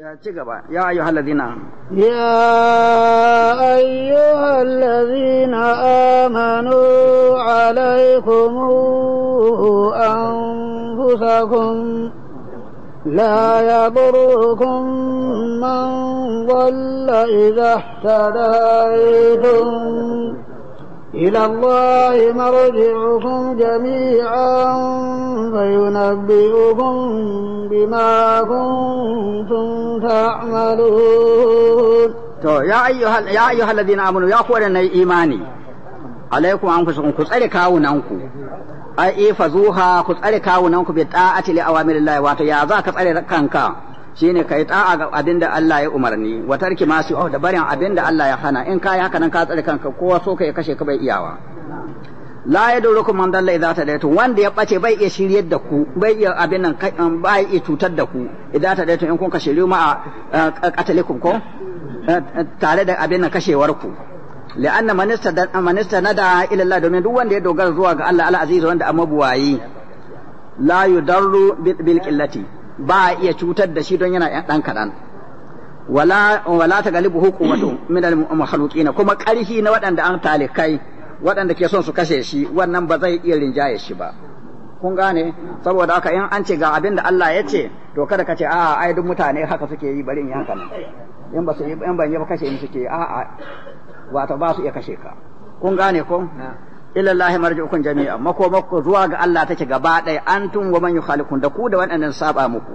ya ayyuhal ladina ya ayyuhal ladina amanu alaikum anfusakum la yadurukum man dhalla idha ihtadaytum إلى الله مرجعكم جميعا فينبئكم بما كنتم تعملون to ya ayyuhal ya ayyuhal ladina amanu ya ku wadannan imani alaikum anfusukum ku tsare kawunanku ai ifazuha ku tsare kawunanku bi ta'ati li awamirillahi wato ya za ka tsare kanka shine kai ta'a ga abinda Allah ya umarni wa tarki ma su da barin abinda Allah ya hana in kai haka nan ka tsare kanka kowa so kai kashe ka bai iyawa la yadurukum man dalla idza tadaitu wanda ya bace bai iya shiryar da ku bai iya abin nan um, bai iya cutar da ku idza tadaitu in kun kashe ma a uh, katalikun ko uh, uh, tare da abin nan kashewar ku li'anna manista na ila Allah domin duk wanda ya dogara zuwa ga Allah al-aziz wanda amma buwayi la yudarru bil qillati ba a iya cutar da shi don yana ɗan kaɗan wala wala ta galibu hukumatu min al makhluqin kuma ƙarfi na waɗanda an talikai waɗanda ke son su kashe shi wannan ba zai iya rinjaye shi ba kun gane saboda haka in an ce ga abin da Allah ya ce to kada ka ce a ai duk mutane haka suke yi bari in yi haka in ba su in yi ba kashe in suke a a wato ba su iya kashe ka kun gane ko ila Allah marji'ukum jami'a mako zuwa ga Allah take gaba dai antum wa man yukhalikun da ku da waɗannan saba muku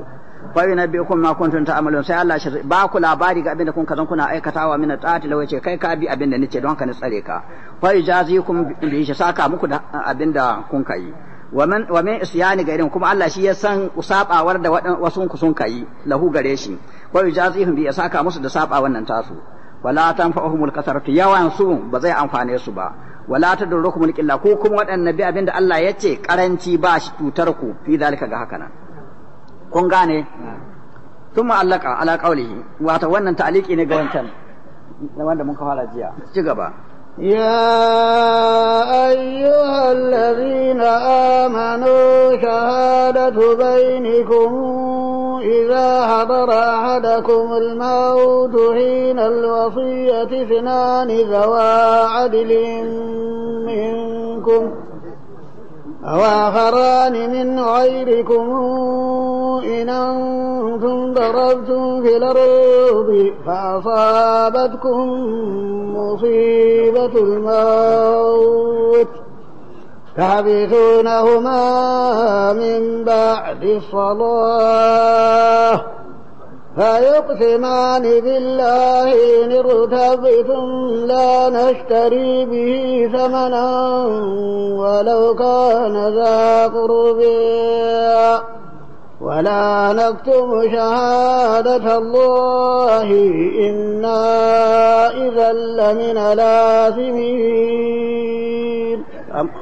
fa ku ma kuntum ta'malun sai Allah shi ba ku labari ga abin da kun kazan kuna aikatawa min ta'ati lawa ce kai ka bi abin da nace don haka ni tsare ka fa yujazikum bi shi saka muku da abin da kun kai wa man wa min isyani irin kuma Allah shi ya san usabawar da wasu sun kai lahu gare shi fa yujazihum bi saka musu da saba wannan tasu wala tanfa'uhumul kasaratu yawan su ba zai amfane su ba wala tadurrukumul qilla ko kuma waɗannan bi abinda Allah ya ce karanci ba shi tutar ku fi zalika ga haka nan kun gane thumma allaka ala qawlihi wato wannan ta'aliki ne ga wancan wanda mun fara jiya ci gaba يا أيها الذين آمنوا شهادة بينكم إذا حضر أحدكم الموت حين الوصية اثنان ذوى عدل منكم وآخران من غيركم إن أنتم ضربتم في الأرض فأصابتكم مصيبة الموت تحبثونهما من بعد الصلاة فيقسمان بالله إن ارتبتم لا نشتري به ثمنا ولو كان ذا قربا ولا نكتم شهادة الله إنا إذا لمن الآثمين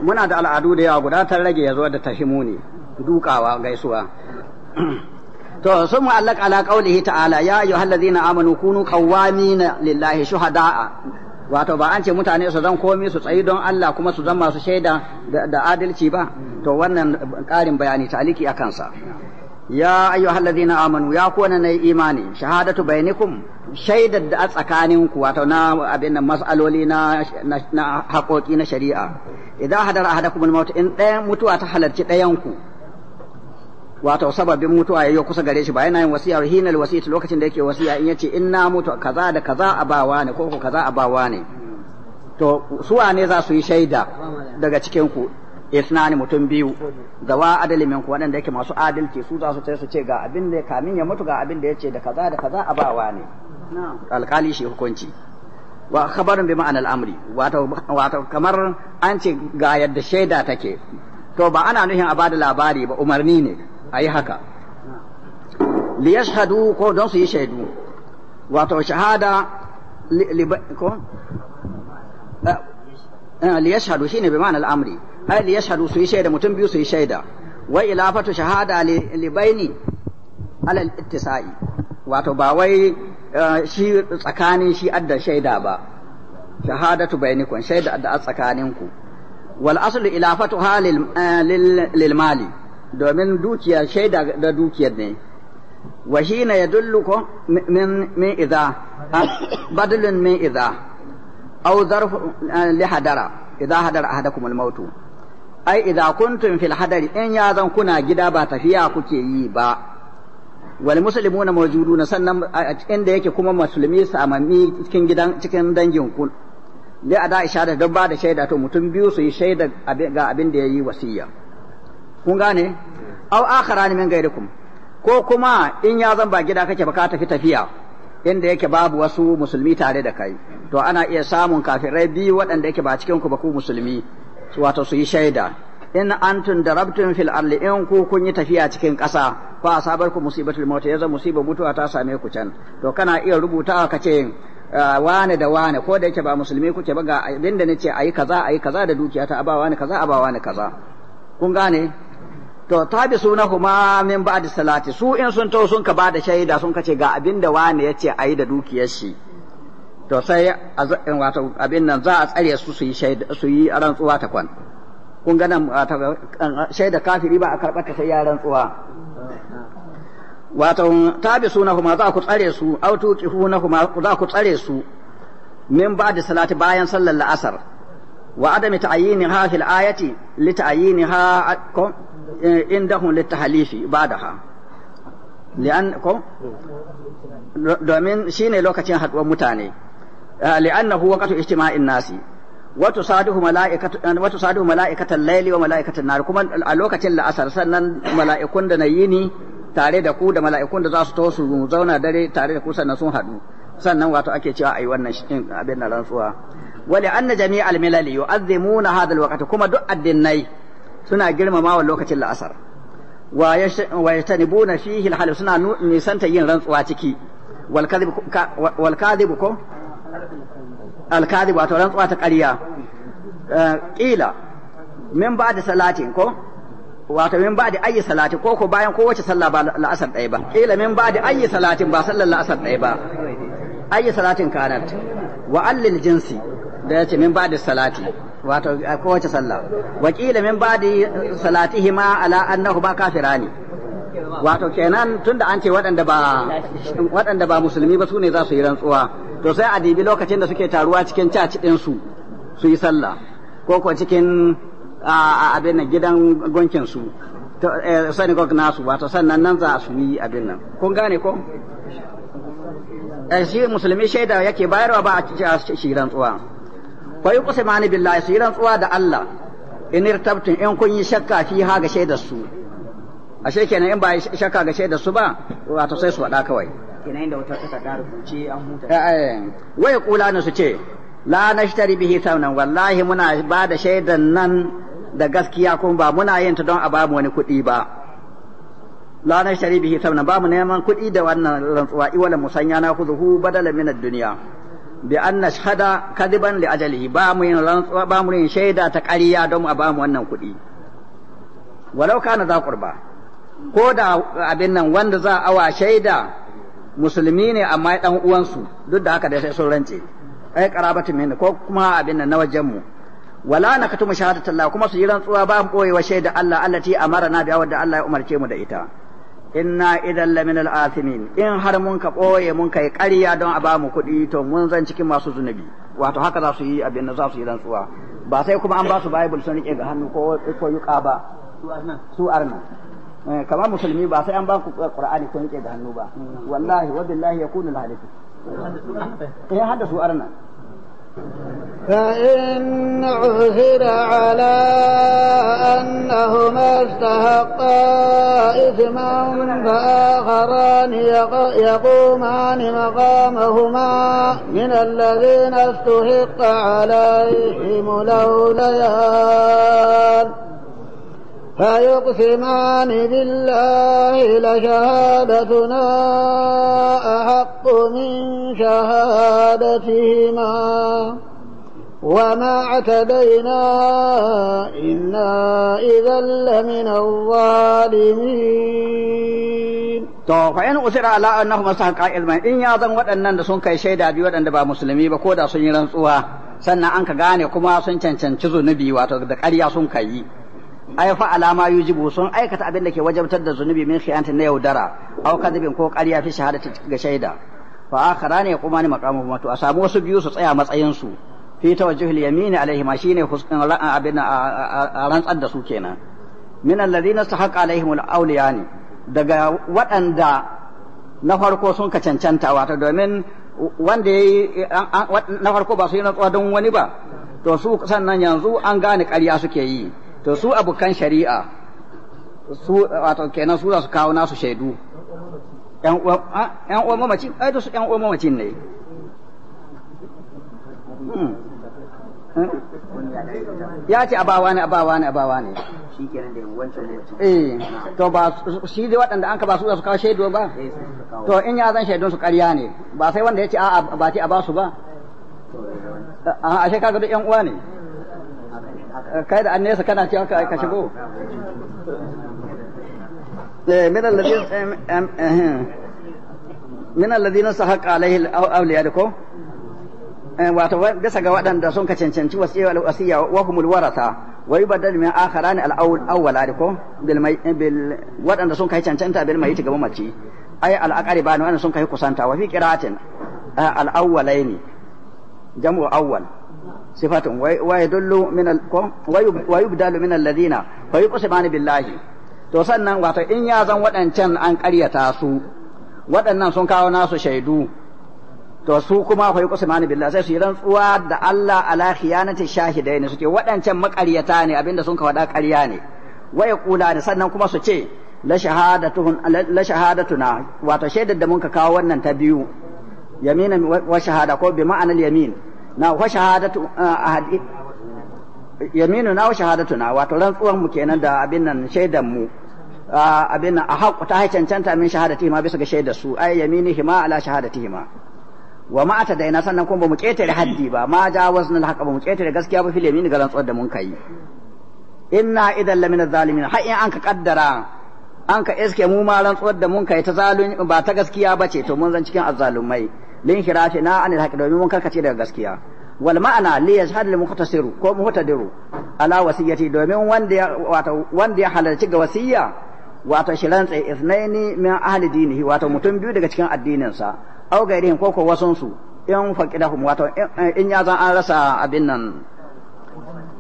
muna da al'adu da yawa guda ta rage ya zo da tahimuni dukawa gaisuwa to sun mu'allaq ala qaulihi ta'ala ya ayyuhallazina amanu kunu qawwamina lillahi shuhada'a wato ba an ce mutane su zan komi su tsayi don Allah kuma su zama masu shaida da adalci ba to wannan ƙarin bayani taliki akan sa ya ayyuhallazina amanu ya kuwa na imani shahadatu bainakum shaidar da a tsakaninku wato na abin mas'aloli na na haƙoƙi na shari'a idan hadara ahadakumul maut in ɗaya mutuwa ta halarci ɗayanku ku wato sababin mutuwa ya yayyo kusa gare shi ba yana yin wasiya wa hinal wasiyatu lokacin da yake wasiya in yace in na mutu kaza da kaza a bawa ne ko kaza a bawa ne to su ne za su yi shaida daga cikin ku isnani mutum biyu zawa adali minku waɗanda yake masu adalci su za su sai su ce ga abin da kamin ya mutu ga abin da yace da kaza da kaza a bawa ne alkali shi hukunci wa khabarin bi ma'anar amri wato wato kamar an ce ga yadda shaida take to ba ana nufin a bada labari ba umarni ne a yi haka li yashhadu ko don su yi shaidu wato shahada ko li yashhadu shine bi ma'anar amri ai li yashhadu su yi shaida mutum biyu su yi shaida wa ilafatu shahada li baini alal ittisa'i wato ba wai shi tsakanin shi adda shaida ba shahadatu bainakum shaida adda tsakaninku wal aslu ilafatu halil lil mali domin dukiyar shaida da dukiyar ne wa shi na ya dulluko min iza badalin min iza au zarfu eh, li hadara idza hadara ahadakum al mautu ai idza kuntum fil hadari in ya zan kuna gida ba tafiya kuke yi ba wal muslimuna mawjuduna sannan inda yake kuma musulmi samami cikin gidan cikin dangin ku li ada isharar dabba da shaida to mutum biyu su yi shaida ga abin da yayi wasiya kun gane akhara ne min gairikum ko kuma in ya zan ba gida kake ba ka tafi tafiya inda yake babu wasu musulmi tare da kai to ana iya samun kafirai biyu waɗanda yake ba cikin ku ba ku musulmi wato su yi shaida in antum darabtum fil ardi in ku kun yi tafiya cikin ƙasa sabar ku musibatul maut yaza musiba mutuwa ta same ku can to kana iya rubuta ka ce ah, wane da wane ko da yake ba musulmi kuke ba ga abinda nace ayi kaza ayi kaza da dukiya ta abawa ne kaza abawa ne kaza kun gane to tabi sunahuma min ba'di salati su in sun to sun ka da shaida sun kace ga abin da wani yace ayi da dukiyar shi to sai wato abin nan za a tsare su su yi shaida su yi rantsuwa ta kwan kun ga nan shaida kafiri ba a karɓar ta sai ya rantsuwa wato tabi sunahuma za ku tsare su autu kihunahuma za ku tsare su min ba'di salati bayan sallar la'asar wa adami ta'yiniha fil ayati li ha indahum litahalifi badaha li'an ko domin shine lokacin haduwar mutane li'annahu waqtu ijtima'in nasi wato saduhu mala'ikatan wato saduhu mala'ikatan layli wa mala'ikatan nar kuma a lokacin la'asar sannan mala'ikun da na yini tare da ku da mala'ikun da za su taho su zauna dare tare da ku sannan sun haɗu sannan wato ake cewa ai wannan shin abin na rantsuwa wali anna jami'al milali yu'azzimuna hadha alwaqt kuma duk addinai suna girmamawa lokacin la'asar wa yatanibuna fihi alhalif suna nisanta yin rantsuwa ciki wal kadhib ko al kadhib wato rantsuwa ta ƙarya eh, Ƙila. min ba da salatin ko wato min ba'da ayi salati ko ko bayan kowace sallah ba la'asar ɗaya ba Ƙila min ba da ayi salatin ba sallar la'asar ɗaya ba ayi salatin kanat wa allil jinsi da yace min ba da salatin. wato a kowace sallah wa kila min ba'di salatihima ala annahu ba kafirani wato kenan tunda an ce waɗanda ba waɗanda ba musulmi ba sune za su yi rantsuwa to sai a dibi lokacin da suke taruwa cikin caci din su su yi sallah ko ko cikin a abin nan gidan gonkin su eh, sanigog nasu wato sannan nan za su yi abin nan kun gane ko eh, shi musulmi shaida yake bayarwa ba a shi rantsuwa fa yuqsimani billahi su yi rantsuwa da Allah in irtabtum in kun yi shakka fi ha ga shaidar su ashe kenan in ba shakka ga shaidar su ba wato sai su faɗa kawai kenan inda wata ta ƙara kuce an huta eh, eh. wai kula na su ce la nashtari bihi thawnan wallahi muna ba da shaidan nan da gaskiya kuma ba muna yin ta don a bamu wani kuɗi ba la nashtari bihi thawnan ba mu neman kuɗi da wannan rantsuwa iwala musanya na kuzuhu badala min ad-dunya bi an nashhada kadiban li ajalihi ba mu yin rantsuwa ba mu yin shaida ta ƙarya don a ba mu wannan kuɗi walau kana za qurba ko da abin nan wanda za a wa shaida musulmi ne amma dan uwansu duk da haka da sai sun rance ai qarabatu min ko kuma abin nan na wajen mu wala nakatumu shahadatallahi kuma su yi rantsuwa ba mu wa shaida Allah Allah amara na biya da Allah ya umarce mu da ita inna idan lamin al'asimin in har mun ka ɓoye mun kai ƙarya don a bamu kuɗi to mun zan cikin masu zunubi wato haka za su yi abin da za su yi rantsuwa ba sai kuma an ba su bible sun rike ga hannu ko ko yuka ba su arna eh, kamar musulmi ba sai an ba ku qur'ani ko rike ga hannu ba wallahi wa billahi yakunu al-hadith eh hada su arna فإن عثر على أنهما استحقا إثما فآخران يقومان مقامهما من الذين استحق عليهم لوليان فيقسمان بالله لشهادتنا أحق من شهادتهما وما اعتدينا إنا إذا لمن الظالمين to fa in usira ala kuma sahqa ilman in ya zan waɗannan da sun kai shaida biyu waɗanda ba musulmi ba ko da sun yi rantsuwa sannan an ka gane kuma sun cancanci zunubi wato da ƙarya sun kai ay fa alama yujibu sun aikata abin da ke wajabtar da zunubi min khiyantin na yaudara aw kadibin ko ƙarya fi shahadati ga shaida fa akhara ne kuma ne maqamu mutu? a samu wasu biyu su tsaya matsayin su fi tawajjuhil yamini alaihi ma shine huskan abin a rantsar da su kenan min alladhina sahaqa alaihim alawliyani daga waɗanda na farko sun ka cancanta wato domin wanda yayi na farko ba su yi na don wani ba to su sannan yanzu an gane ƙarya suke yi to su abokan shari'a su wato kenan su za su kawo nasu shaidu yan uwan mamacin ai da su yan uwan mamacin ne hmm. Hmm. ya ce abawa ne abawa ne abawa ne shi kenan da wancan ne eh to ba shi dai waɗanda an ka ba su za su kawo shaidu ba to in ya zan shaidun su ƙarya ne ba sai wanda ya ce a'a ba ce a ba su ba a shekaru kaga duk yan uwa ne kai da an nesa kana cewa ka ka shigo Minan eh, min alladhin min alladhin sahaqa alaihi awliya ko eh, wato bisa ga waɗanda sun ka cancanci wasiya wa humul warata wa yubaddal min akharani al awwala ko bil eh, bil waɗanda sun kai cancanta bil mai gaba mace ay al aqriba ne waɗanda sun kai kusanta wa fi qira'atin al awwalaini jam'u awwal صفة ويدل من ال... ويبدل من الذين فيقسمان بالله to sannan wato in ya zan waɗancan an ƙaryata su waɗannan sun kawo nasu shaidu to su kuma fa yuqsimani billah sai su yi rantsuwa da Allah ala khiyanati ne suke waɗancan maƙaryata ne abinda sun ka faɗa ƙarya ne wa yaqula sannan kuma su ce la shahadatun la shahadatuna wato shaidar da mun ka kawo wannan ta biyu Yamina wa shahada ko bi ma'anar yamin na wa shahadatu ah, ahadi yaminu na wa shahadatu na wato rantsuwan mu kenan da abin nan shaidan mu ah, abin nan a haƙu ta haicancanta min shahadati ma bisa ga shaidar su ay yamini hima ala shahadati wa ma ta daina sannan kuma bamu ketare haddi ba ma jawazna al-haqa bamu ketare gaskiya ba fil yamin ga rantsuwar da mun kai inna idan lamina zalimin har in an ka kaddara an ka iske mu ma rantsuwar da mun kai ta zalun ba ta gaskiya ba ce to mun zan cikin azzalumai lin shirashi na anil haqi domin mun karkace daga gaskiya wal ma'ana li yashhad lil muhtasiru ko muhtadiru ala wasiyyati domin wanda ya wato wanda ya halarci ga wasiyya wato shiran tsaye ithnaini min ahli dinihi wato mutum biyu daga cikin addininsa au gairihin ko ko wasun su in faqidahum wato in ya zan an rasa abin nan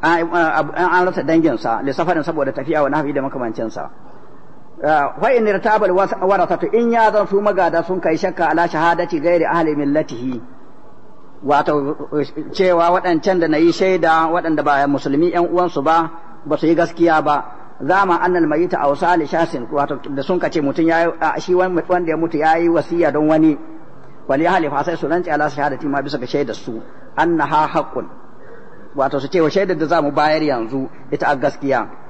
an rasa danginsa lissafarin saboda tafiya wani hafi da makamancinsa fa in irtabal warasatu in ya zan su magada sun kai shakka ala shahadati ghairi ahli millatihi wato cewa waɗancan da nayi shaida waɗanda ba musulmi ƴan uwansu ba ba su yi gaskiya ba za annal mayita aw sali shasin wato da sun kace mutun yayi shi wanda ya mutu yayi wasiya don wani wani fa sai su rantsi ala shahadati ma bisa ga shaidar su annaha haqqun wato su ce shaidar da za mu bayar yanzu ita a gaskiya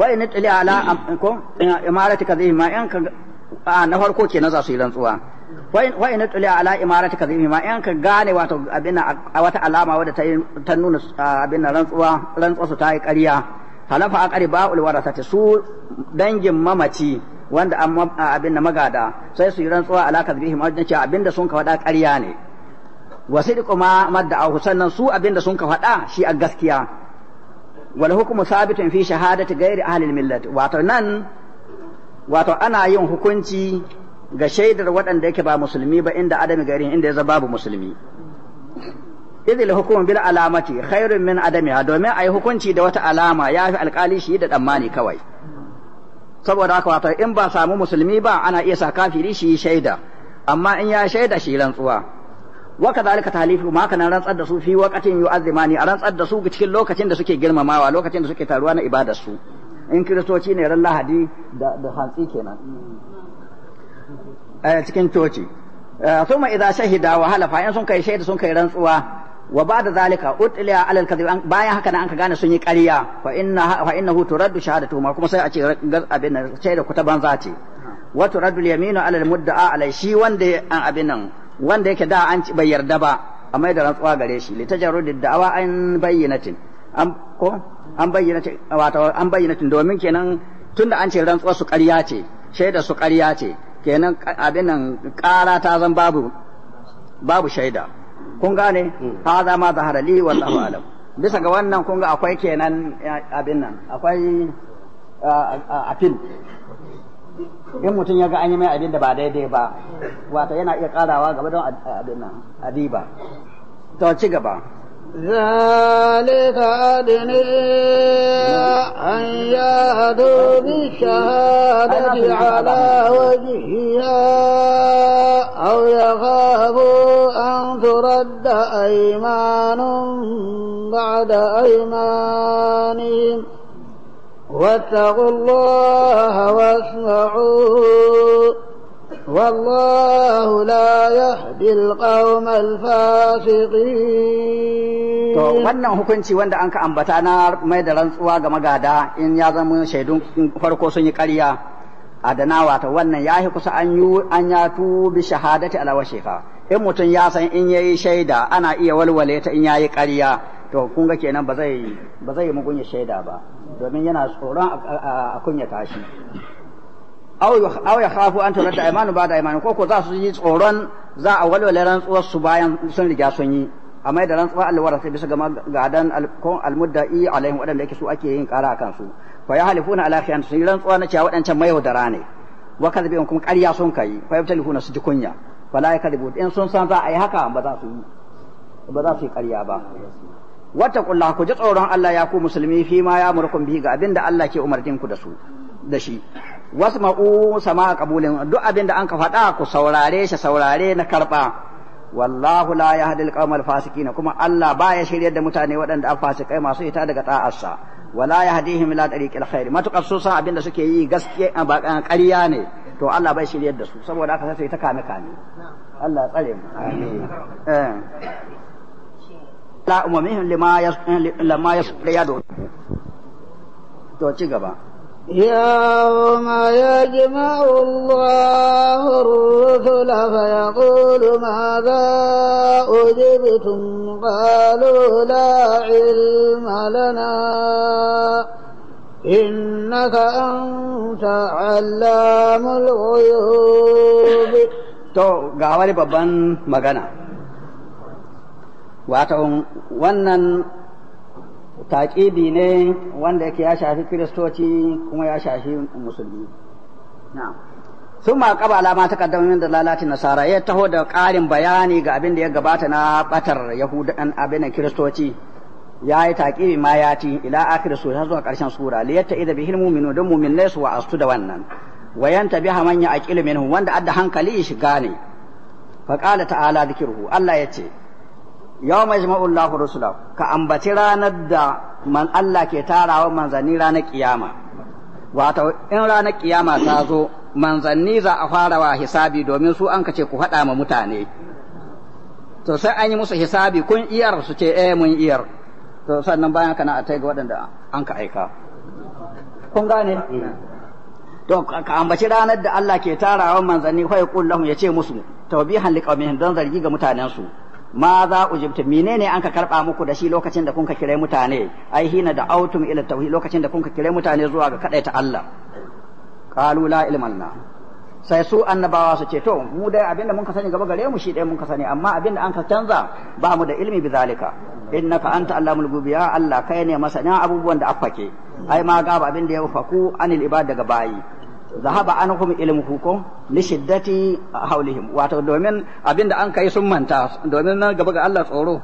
wa in tali ala ko imarati zai ma yan ka na farko kenan za su yi rantsuwa wa in tali ala imarati zai ma yan ka gane wato abin a wata alama wadda ta ta nuna abin rantsuwa rantsuwa su ta yi ƙarya halafa aqriba ul warasati su dangin mamaci wanda abin na magada sai su yi rantsuwa ala zai ma wajen cewa abin da sun ka faɗa ƙarya ne wasidqu kuma madda sannan su abin da sun ka faɗa shi a gaskiya wal hukmu sabitun fi shahadati ghairi ahli millat wato nan wato ana yin hukunci ga shaidar waɗanda yake ba musulmi ba inda adami gari inda ya babu musulmi idil hukum bil alamati khairun min adamiha domin ayi hukunci da wata alama ya fi alkali shi da tsammani kawai saboda haka wato in ba samu musulmi ba ana iya sa kafiri shi shaida amma in ya shaida shi rantsuwa wa kadhalika tahlifu ma kana rantsar da su fi waqatin yu'azzimani a rantsar da su cikin lokacin da suke girmamawa lokacin da suke taruwa na ibadar su in kiristoci ne ran lahadi da da hantsi a eh, cikin coci eh, thumma idza shahida wa halafa in sun kai shaida sun kai rantsuwa wa ba'da zalika utliya alal kadhib bayan haka na an ka gane sun yi ƙarya fa inna fa innahu turaddu shahadatu ma kuma sai a ce abin banza ce wa yaminu alal mudda'a alai shi wanda an nan wanda yake da an bai yarda ba a mai da rantsuwa gare shi li da da'awa an tin an ko an bayyinatin wato an bayyana tin domin kenan tunda an ce rantsuwa su ƙarya ce shaida su ƙarya ce kenan abin nan ƙara ta zan babu babu shaida kun gane mm. za ma zahara li wallahu alam bisa ga wannan kun ga akwai kenan abin nan akwai a apil in mutum ya ga an yi mai abin da ba daidai ba wata yana iya karawa gaba don abin nan adiba to ci gaba ذلك أدنى أن يهدوا بالشهادة على وجهها أو يخافوا أن ترد أيمان بعد أيمانهم واتقوا الله واسمعوا والله لا يهدي القوم الفاسقين to wannan hukunci wanda anka ambata na mai da rantsuwa ga magada in ya zama shaidun farko sun yi ƙarya a danawa ta wannan ya kusa an yi an ya tubi shahadati ala washefa in mutum ya san in yayi shaida ana iya walwale ta in yayi ƙarya to kun ga kenan ba zai ba zai mu ya shaida ba domin yana tsoron a kunya tashi aw ya khafu an turata imanu ba da imanu ko ko za su yi tsoron za a walwala rantsuwar su bayan sun riga sun yi amma da rantsuwar alwara sai bisa ga gadan alkon almuddai alaihim wadanda yake su ake yin kara akan su fa ya halifuna ala khiyan sun rantsuwa na cewa wadancan hudara ne wa kadhibun kuma ƙarya sun kai fa yabtalifuna su ji kunya fala ya kadhibu in sun san za a yi haka ba za su yi ba za su yi ƙarya ba wata ku ji tsoron Allah ya ku musulmi fi ma ya murkum bi ga abinda Allah ke umarnin ku da su da shi wasma'u sama'a qabulin duk abinda an ka faɗa ku saurare shi saurare na karba wallahu la yahdi al-qawmal fasikin kuma Allah baya shiryar da mutane waɗanda an fasikai masu ita daga ta'arsa wala yahdihim ila tariqil khair matukar su san abinda suke yi gaskiya ba ƙarya ne to Allah bai shiryar da su saboda haka sai ta kame kame Allah tsare mu amin eh. ala umamihim lima yas lima yas yadu to ci gaba يوم يجمع الله الرسل فيقول ماذا أجبتم قالوا لا علم لنا إنك أنت علام الغيوب تو غاوري بابان مغانا wato wannan taƙibi ne wanda yake ya shafi kiristoci kuma ya shafi musulmi sun ma ƙaba alama ta kaddamin da lalatin nasara ya taho da ƙarin bayani ga abin da ya gabata na ɓatar yahudan abin kiristoci ya yi taƙibi ma ya ci ila akhir sura har zuwa ƙarshen sura liyatta idan idza mu'minu dum mu'minai su wa astu da wannan wayanta bi manya a aqilu minhum wanda adda hankali shiga ne. fa qala ta'ala dhikruhu Allah ya ce yau mai Allahu rusula ka ambaci ranar da man Allah ke tarawa manzanni ranar kiyama wato in ranar kiyama ta zo manzanni za a fara wa hisabi domin su an kace ku haɗa ma mutane to sai an yi musu hisabi kun iyar su ce eh mun iyar to sannan bayan kana a taiga waɗanda an ka aika kun gane to ka ambaci ranar da Allah ke tarawa manzanni fa yaqul lahum yace musu tawbihan liqaumihim dan zargi ga mutanensu ma za ujibtu menene an ka karba muku da shi lokacin da kunka kire mutane ai hina da autum ila tauhid lokacin da kunka kire mutane zuwa ga ta Allah qalu la ilma lana sai su annabawa su ce to mu dai abinda mun ka sani gaba gare mu shi dai mun ka sani amma abinda an ka canza ba mu da ilmi bizalika innaka anta allamul gubiya Allah kai ne masana abubuwan da affake ai ma ga abinda ya faku anil ibad daga bayi zahaba anhum ilmuhu ko li shiddati haulihim wato domin abinda an kai sun manta domin nan gaba ga Allah tsoro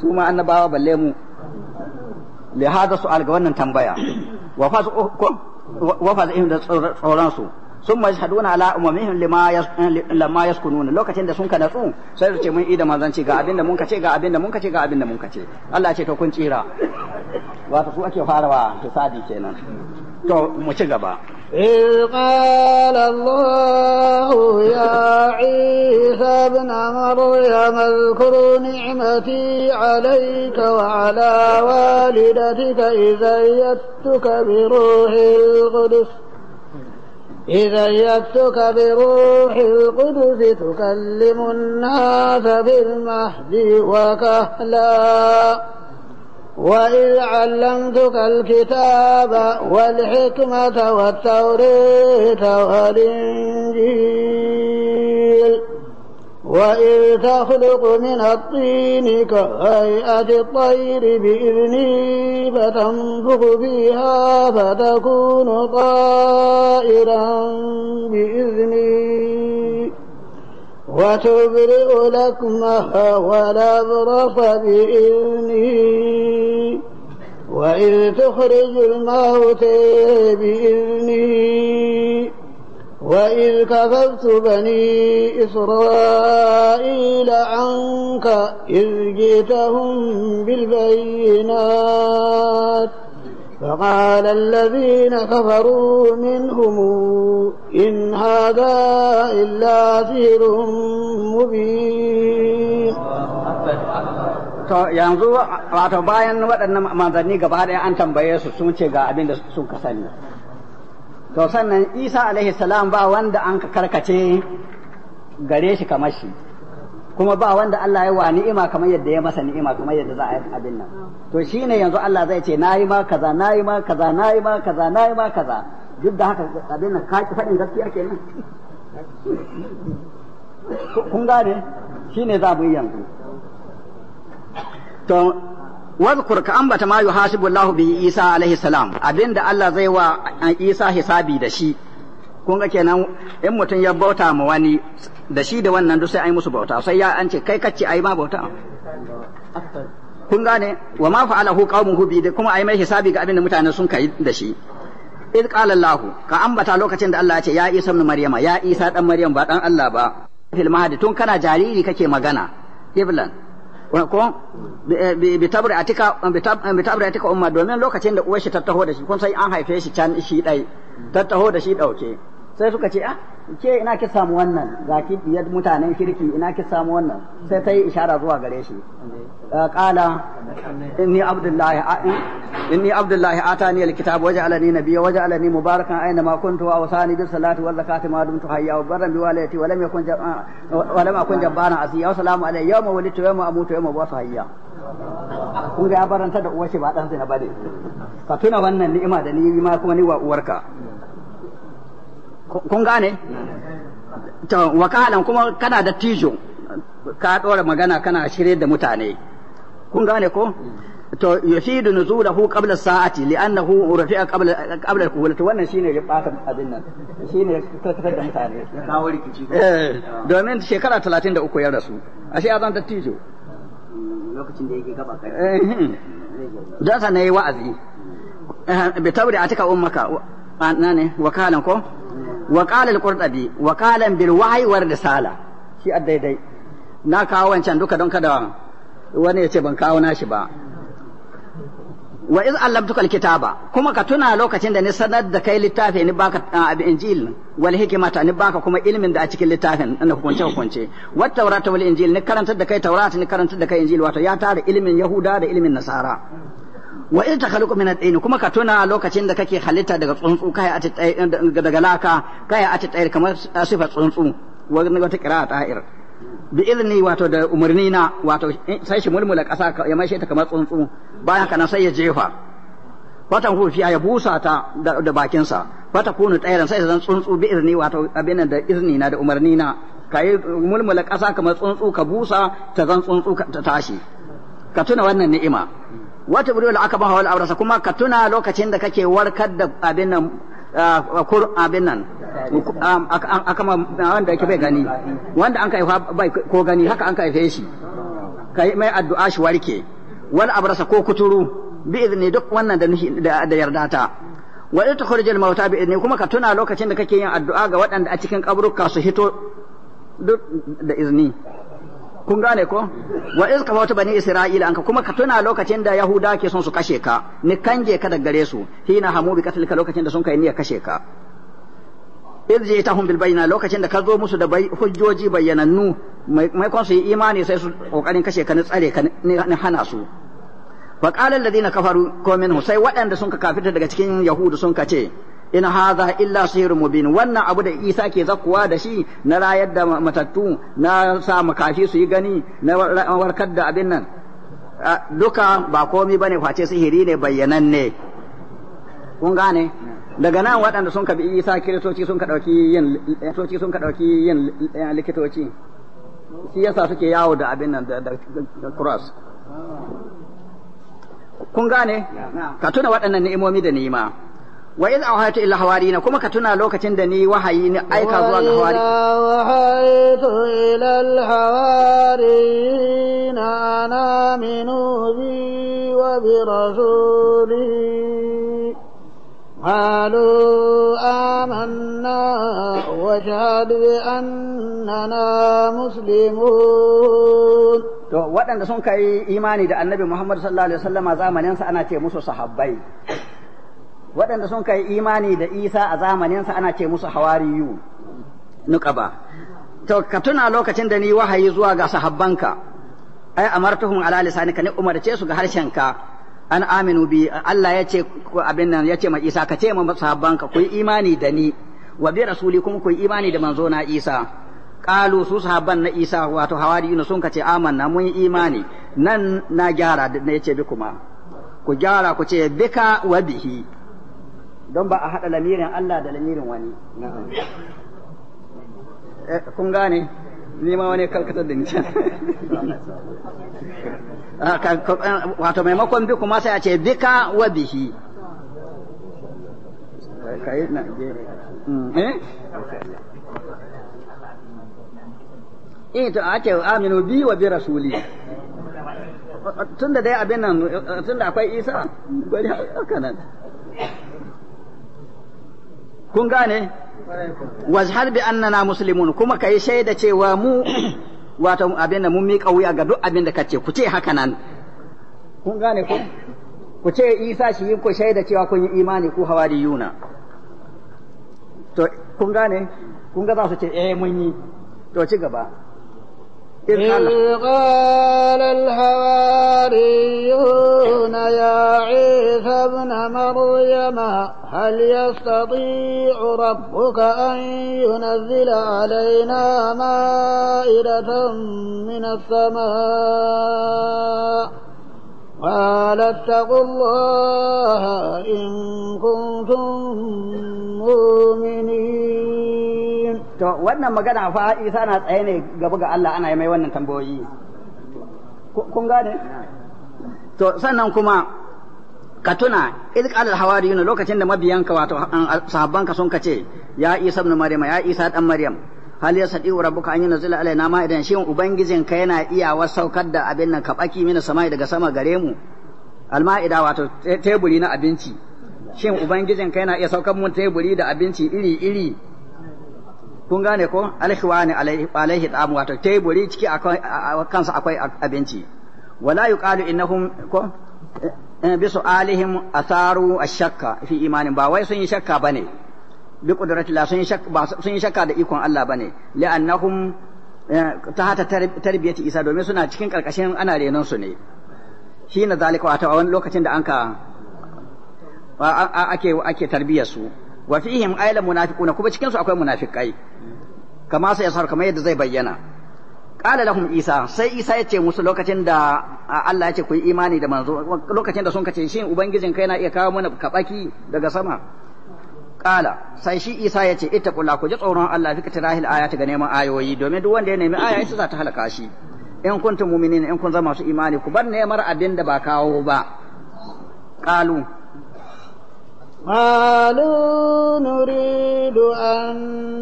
su ma annabawa balle mu li hada su ga wannan tambaya wa fa wa fa da tsoron su sun shaduna ala umamihim lima lima yaskununa lokacin da sun ka natsu sai su ce mun ida ci ga abinda mun kace ga abinda mun kace ga abinda mun kace Allah ce to kun tsira wato su ake farawa to sadi kenan to mu ci gaba إذ قال الله يا عيسى ابن مريم اذكر نعمتي عليك وعلى والدتك إذ أيدتك بروح القدس إذا أيدتك بروح القدس تكلم الناس بالمهد وكهلاً وإذ علمتك الكتاب والحكمة والتوريت والإنجيل وإذ تخلق من الطين كهيئة الطير بإذني فتنفخ فيها فتكون طائرا بإذني وتبرئ لكمها ولا برص بإذني وإذ تخرج الموت بإذني وإذ كففت بني إسرائيل عنك إذ جئتهم بالبينات فقال الذين كفروا منهم إن هذا إلا سحر مبين to yanzu wato bayan waɗannan manzanni gaba ɗaya an tambaye su sun ce ga abin da sun ka sani to sannan isa alaihi salam ba wanda an karkace gare shi kamar shi kuma ba wanda Allah ya wa ni'ima kamar yadda ya masa ni'ima kamar yadda za a yi abin nan to shine yanzu Allah zai ce nayi ma kaza nayi ma kaza nayi ma kaza nayi ma kaza duk da haka abin nan ka ki faɗin gaskiya kenan kun gane shine za mu yi yanzu to واذكر كأنبت ما يحاسب الله به عيسى عليه السلام أبين دا الله زي وا isa حسابي دا شي kun ga kenan in mutum ya bauta ma wani da shi da wannan duk sai ai musu bauta sai ya an ce kai kacce ai ma bauta kun gane wa ma fa'alahu qaumuhu bi da kuma ai mai hisabi ga abin da mutane sun kai da shi id qala allah ka ambata lokacin da Allah ya ce ya isa ibn maryama ya isa dan maryam ba dan Allah ba fil mahdi tun kana jariri kake magana iblan ko bi tabri atika bi tabri atika umma domin lokacin da uwar shi ta taho da shi kun sai an haife shi can shi dai ta taho da shi dauke sai suka ce ah ke ina ki samu wannan ga ki biyar mutanen kirki ina ki samu wannan sai ta yi ishara zuwa gare shi qala inni abdullahi inni abdullahi atani alkitab waja'alani nabiyya waja'alani mubarakan aina ma kuntu wa wasani bis salati wal zakati ma dumtu hayya wa barran bi walidati wa lam yakun wa lam akun jabbaran asiya wa salamu alayya yawma wulidtu yawma amutu yawma basu hayya kun ga ya baranta da uwar shi ba dan sai na bade ka tuna wannan ni'ima da ni ma kuma ni wa uwarka kun gane to wakalan kuma kana da tijo ka ɗora magana kana shirye da mutane kun gane ko to da hu ƙabla sa'ati li'annahu rafi'a hu rufi a ƙabla to wannan shi ne ya ɓata abin nan shine tattar da mutane kawo rikici eh domin shekara talatin da uku ya rasu ashe azan da tijo lokacin da yake gaba kai eh, da na yi wa'azi eh, bi tawri atika ummaka ne wakalan ko wa qala al-qurtubi wa qala bil wahyi war risala shi daidai na kawo wancan duka don kada wani ya ce ban kawo nashi ba wa iz allamtuka alkitaba kuma ka tuna lokacin da ni sanar da kai littafi ni baka abi injil wal hikmata ni baka kuma ilmin da a cikin littafin na hukunce hukunce wat tawrata wal ni da kai ni da kai wato ya tara ilmin yahuda da ilmin nasara wa in takhluqu min at-tin kuma ka tuna lokacin da kake halitta daga tsuntsu kai a daga laka kai a tayar kamar sifar tsuntsu wata kira ta'ir bi izni wato da umarni na wato sai shi mulmula ƙasa ya maishe ta kamar tsuntsu bayan haka sai ya jefa fatan hufiya ya busa ta da bakinsa fata kunu tsayaran sai zan tsuntsu bi izni wato abin da izni na da umarni na kai mulmula ƙasa kamar tsuntsu ka busa ta zan tsuntsu ta tashi ka tuna wannan ni'ima wata buru da aka bahawa al'aurasa kuma ka tuna lokacin da kake warkar da abin nan ah, kur abin nan um, akama wanda yake bai gani wanda an kaifa bai ko gani haka an kaife shi kai mai addu'a shi warke wal abrasa ko kuturu bi idni duk wannan da da yarda ta wa tukhrij al mauta bi idni kuma ka tuna lokacin da kake yin addu'a ga waɗanda a cikin kaburka su hito duk da izini kun gane ko wa iz wata bani isra'ila anka kuma ka tuna lokacin da yahuda ke son su kashe ka ni kange ka da gare su hina hamu bi katlika lokacin da sun kai niyya kashe ka iz jitahum bil bayna lokacin da ka zo musu da hujjoji bayyanannu mai kon su yi imani sai su kokarin kashe ka ni tsare ka ni hana su fa qala alladhina kafaru ko minhu sai waɗanda sun ka kafita daga cikin yahudu sun ka ce in haza illa sihir mubin wannan abu da isa ke zakkuwa da shi na rayar da matattu na sa makafi su yi gani na warkar da abin nan duka ba komi bane face sihiri ne bayyananne kun gane daga nan waɗanda sun bi isa kiristoci sun ka ɗauki yin kiristoci sun ka ɗauki yin eh, likitoci shi yasa suke yawo da abin nan da cross kun gane ka tuna waɗannan ni'imomi da ni'ima wa in awhaytu ila hawarina kuma ka tuna lokacin da ni wahayi ni aika zuwa ga hawari wahaytu ila al na ana minu bi wa bi rasuli قالوا آمنا واشهد annana muslimun to waɗanda sun kai imani da annabi Muhammad sallallahu alaihi wasallama zamaninsa ana ce musu sahabbai waɗanda sun kai imani da isa a zamaninsa ana ce musu hawariyu nuqaba to ka tuna lokacin da ni wahayi zuwa ga sahabbanka ai amartuhum ala ka ne umarce su ga harshenka an aminu bi Allah ya ce abin nan ya ce ma Isa ka ce ma sahabbanka ku yi imani da ni wa bi rasuli kuma ku imani da manzo na Isa qalu su sahabban na Isa wato hawariyuna sun ka ce amanna mun yi imani nan na gyara na yace bi kuma ku gyara ku ce bika wa bihi don ba a haɗa lamirin Allah da lamirin wani eh, kun gane nema wani kalkatar da nishan. Ah, can wato maimakon bi kuma sai a ce bika wa bihi mm, eh? eh to ake aminu bi wa bi rasuli tunda dai abin nan tunda akwai isa bari haka nan kun gane wazhar bi annana muslimun kuma kai shaida cewa mu wato abin da mun miƙa wuya ga duk abin da kace ku ce haka nan kun gane ku ku ce isa shi yin ku shaida cewa kun yi imani ku hawariyuna to kun gane kun ga za su ce eh mun yi to ci gaba إذ قال الحواريون يا عيسى ابن مريم هل يستطيع ربك أن ينزل علينا مائدة من السماء قال اتقوا الله إن كنتم مؤمنين to wannan magana fa isa na tsaye ne gaba ga Allah ana yi mai wannan tambayoyi kun gane to sannan kuma ka tuna idh qala al-hawariyuna lokacin da mabiyanka wato sahabbanka sun kace ya isa ibn maryam ya isa dan maryam hal yasadi rabbuka an yunzila alaina ma idan ubangijin ka yana iya wasaukar da abin nan ka baki mina samai daga sama gare mu alma'ida wato teburi na abinci shin ka yana iya saukar mun teburi da abinci iri iri kun gane ko alhiwani alaihi ta'am wato teburi ciki kansa akwai abinci wala yuqalu innahum ko eh, bi su'alihim asaru shakka fi imanin ba wai sun yi shakka bane bi qudrati la sun yi shakka sun yi shakka da ikon Allah bane eh, ta hata tarbiyati Isa domin suna cikin karkashin ana renon su ne shi na zalika wato a wani lokacin da anka ake ake tarbiyar su wa fihim ayla munafiquna kuma cikin su akwai munafiqai kama sai yasar kamar yadda zai bayyana qala lahum isa sai isa ya ce musu lokacin da Allah ya ce ku yi imani da manzo lokacin da sun kace shin ubangijin kai na iya kawo mana kabaki daga sama qala sai shi isa ya ce ittaqulla ku ji tsoron Allah fi katirahil ayati ga neman ayoyi domin duk wanda ya nemi aya za ta halaka shi in kuntum mu'minin in kun zama su imani ku bar nemar abin da ba kawo ba qalu قالوا نريد أن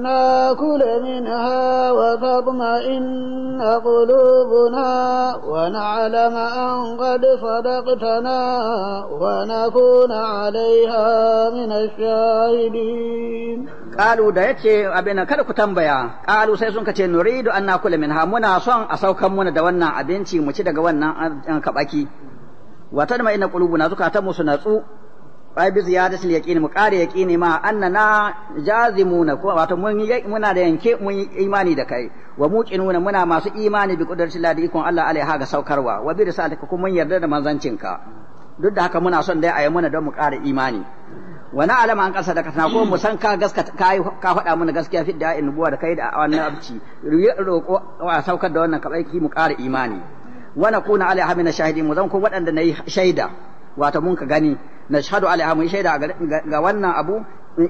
ناكل منها وتطمئن قلوبنا ونعلم أن قد صدقتنا ونكون عليها من الشاهدين قالوا da yace abin kada ku tambaya qalu sai sun kace nuridu an nakula minha muna son a saukan muna da wannan abinci mu ci daga wannan kabaki wata da mai na qulubuna zukatan mu su natsu ai bi sil yaqini mu ƙara yaqini ma annana jazimuna ko wato mun muna da yanke mun imani da kai wa muqinuna muna masu imani bi qudratil ladi ikon Allah alaiha ga saukarwa wa bi risalatika kuma mun yarda da manzancinka duk da haka muna son dai ayi muna don mu ƙara imani wa na alama an kasa da kasna ko mu san ka gaska ka ka faɗa mana gaskiya fi da nubuwa da kai da wannan abci roko wa saukar da wannan kabaiki mu ƙara imani wa nakuna alaiha min shahidi mu zan ko waɗanda nayi shaida wato mun ka gani na shahadu alaiha mun shaida ga wannan abu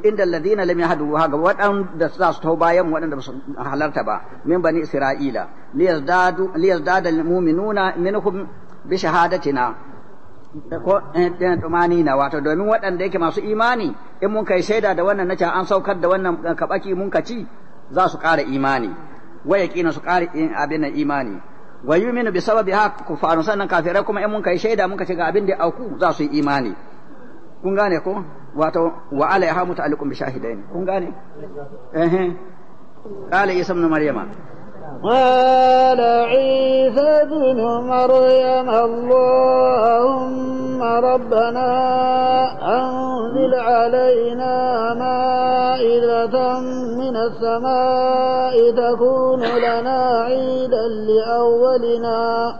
inda alladhina lam yahdu ha ga waɗanda za su tau bayan waɗanda su halarta ba min bani isra'ila liyazdadu liyazdada almu'minuna minhum bi shahadatina ko ɗumani eh, eh, na wato domin waɗanda yake masu imani in mun kai shaida da wannan na an saukar da wannan eh, kabaki mun ka ci za su ƙara imani wa yaqina su ƙara abin imani wa yuminu bi sababiha kufaru sannan kafirai kuma in mun kai shaida muka ce ga abin da auku za su yi imani kun gane ko wato wa alaiha muta'alliqun bi shahidain kun gane eh eh qala isa ibn maryama قال عيسى ابن مريم اللهم ربنا أنزل علينا مائدة من السماء تكون لنا عيدا لأولنا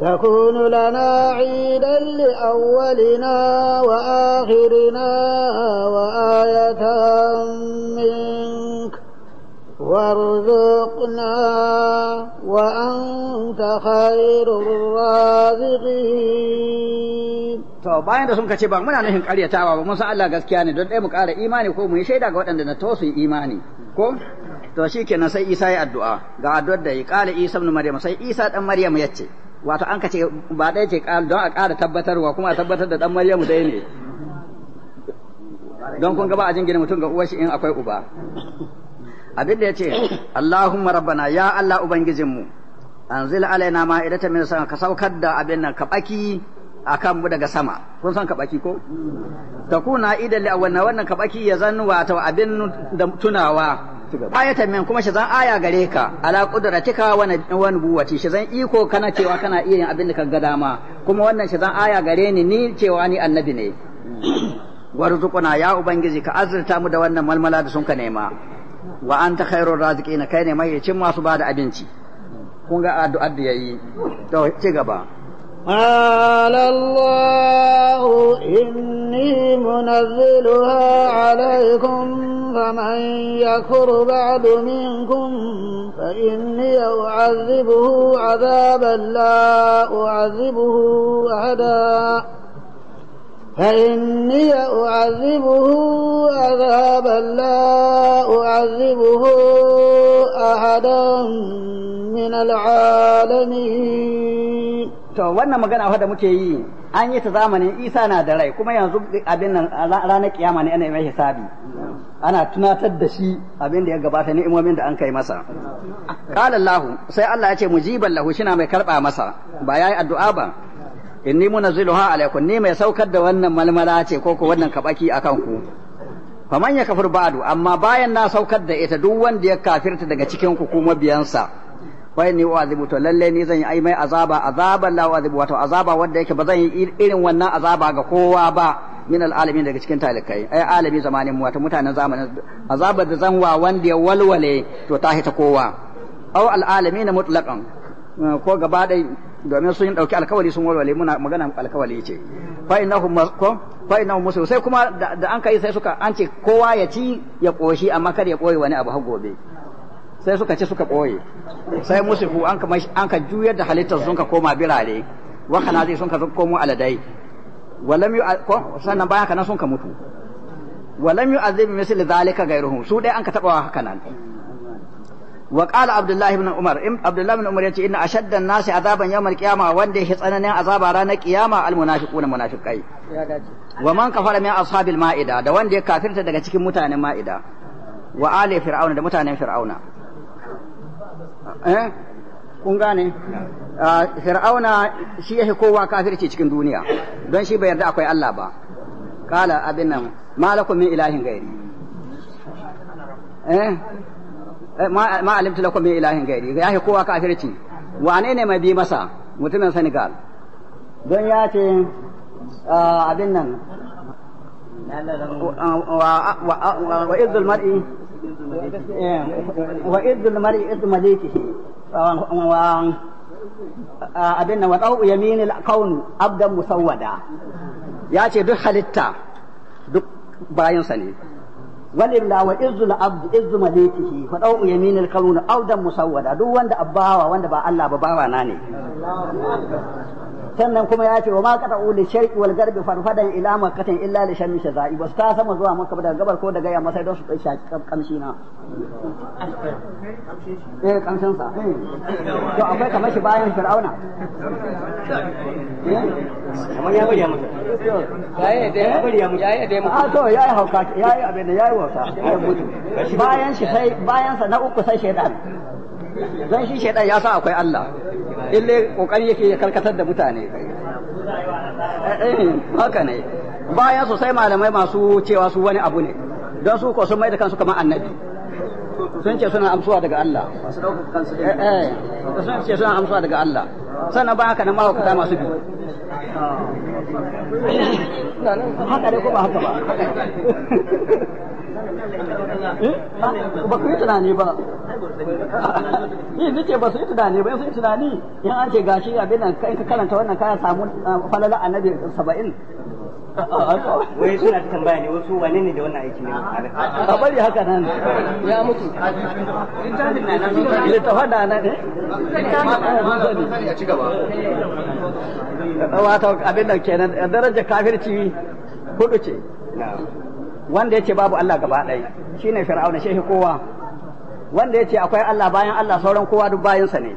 تكون لنا عيدا لأولنا وآخرنا وآية وارزقنا وأنت خير الرازقين to bayan da sun kace ba muna nufin karyatawa ba mun san Allah gaskiya ne don ɗaya mu ƙara imani ko mu yi shaida ga waɗanda na to su imani ko to kenan sai Isa ya addu'a ga addu'ar da ya kala Isa ibn Maryam sai Isa dan Maryam ce wato an kace ba ɗaya ce don a ƙara tabbatarwa kuma a tabbatar da dan Maryam dai ne don kun ga ba a jingina mutum ga uwar shi in akwai uba abin da ya ce Allahumma rabbana ya Allah ubangijinmu anzil alaina ma idata min sama ka saukar da abin nan kabaki akan mu daga sama kun san kabaki ko takuna idan li awwalna wannan kabaki ya zan wato abin da tunawa ayata min kuma shi zan aya gare ka ala qudratika wa nubuwati shi zan iko kana cewa kana iya yin abin da ka ga dama kuma wannan shi zan aya gare ni ni cewa ni annabi ne warzuquna ya ubangiji ka azurta mu da wannan malmala da sun ka nema wa anta khairur raziqina kai ne mai cin masu bada abinci kun ga addu'ar da yayi to ci gaba قال الله إني منزلها عليكم فمن يكفر بعد منكم فإني أعذبه عذابا لا أعذبه أحدا فإني أعذبه عذابا لا أعذبه أحدا من العالمين to wannan magana fa da muke yi an yi ta zamanin Isa na da rai kuma yanzu abin nan ranar kiyama ne ana mai hisabi ana tunatar da shi abin da ya gabata ni'imomin da an kai masa qala Allah sai Allah ya ce mujiban lahu shina mai karɓa masa ba yayi addu'a ba inni munazziluha alaikum ni mai saukar da wannan malmala ce ko ko wannan kabaki akan ku fa man yakfur ba'du amma bayan na saukar da ita duk wanda ya kafirta daga cikin ku kuma biyansa wai inni wa'azibu to lalle ni zan yi mai azaba azaban la wa'azibu wato azaba wanda yake ba zan yi irin wannan azaba ga kowa ba min alalamin daga cikin talikai ai alami zamanin mu wato mutanen zamanin azabar da zan wa wanda ya walwale to ta hita kowa aw alalamin mutlaqan ko gaba dai domin sun dauki alkawali sun walwale muna magana alkawali ce fa innahum ko fa innahum musu sai kuma da an kai sai suka an ce kowa ya ci ya koshi amma kar ya koyi wani abu har gobe sai suka ci suka koyi sai musu an ka an ka juyar da halittar sun ka koma birare wa kana zai sun ka komo aladai walam yu ko sannan bayan kana sun ka mutu walam azim misli zalika gairuhum su dai an ka taba haka nan wa qala abdullahi ibn umar in abdullahi ibn umar yace inna ashaddan nasi azaban yawmal qiyama wanda yake tsananin azaba ranar qiyama al munafiquna munafiqai wa man kafara min ashabil ma'ida da wanda ya kafirta daga cikin mutanen ma'ida wa ali fir'auna da mutanen fir'auna eh kun gane fir'auna shi yake kowa kafirci cikin duniya don shi bai yarda akwai Allah ba qala abin nan malakum min ilahin gairi eh ma alimtu lakum min ilahin gairi ya shi kowa kafirci wane ne mai bi masa mutumin Senegal don ya ce ah, abin nan wa idul mar'i eh, wa idul mar'i izzu malikihi abin nan wa ɗau yamin al-kaunu abdan musawwada ya ce duk halitta duk bayansa ne walilla wa izzul abd izzu malikihi fa dau yaminil kalun audan musawwada duk wanda abbawa wanda ba Allah ba bawa na ne sannan kuma ya ce wa ma qata ul sharqi wal garbi farfadan ila makkatin illa li shammi shazai bas ta sama zuwa makka gabar ko daga don su shaki kamshi na eh kamshin sa to akwai kamar shi bayan fir'auna eh? kamar ya bari ya mutu eh? yayi da ya bari ya mutu ah, yayi da ya mutu a to yayi hauka yayi abin da yayi wa bauta ya gudu bayan shi sai bayan sa na uku sai shaytan dan shi shaytan ya sa akwai Allah ille kokari yake ya karkatar da mutane eh, haka ne bayan su sai malamai masu cewa su wani abu ne don su ko sun mai da kansu kamar annabi sun ce suna amsuwa daga Allah eh, eh. sun ce suna amsuwa daga Allah sannan ba haka nan mahaukata masu bi ah. haka ne ko ba haka ba ba ku yi tunani ba yi nace ba su yi tunani ba in su yi tunani in an ce gashi abin nan in ka karanta wannan ka samu ah, falala annabi 70 wai suna ta tambaya ne wasu wane ne da wannan aiki ne a bari haka nan ya mutu littafa da nan ne wato abin da kenan darajar kafirci hudu ce wanda ya ce babu Allah gaba ɗaya shine fir'auna shehi kowa wanda ya ce akwai Allah bayan Allah sauran kowa duk bayansa ne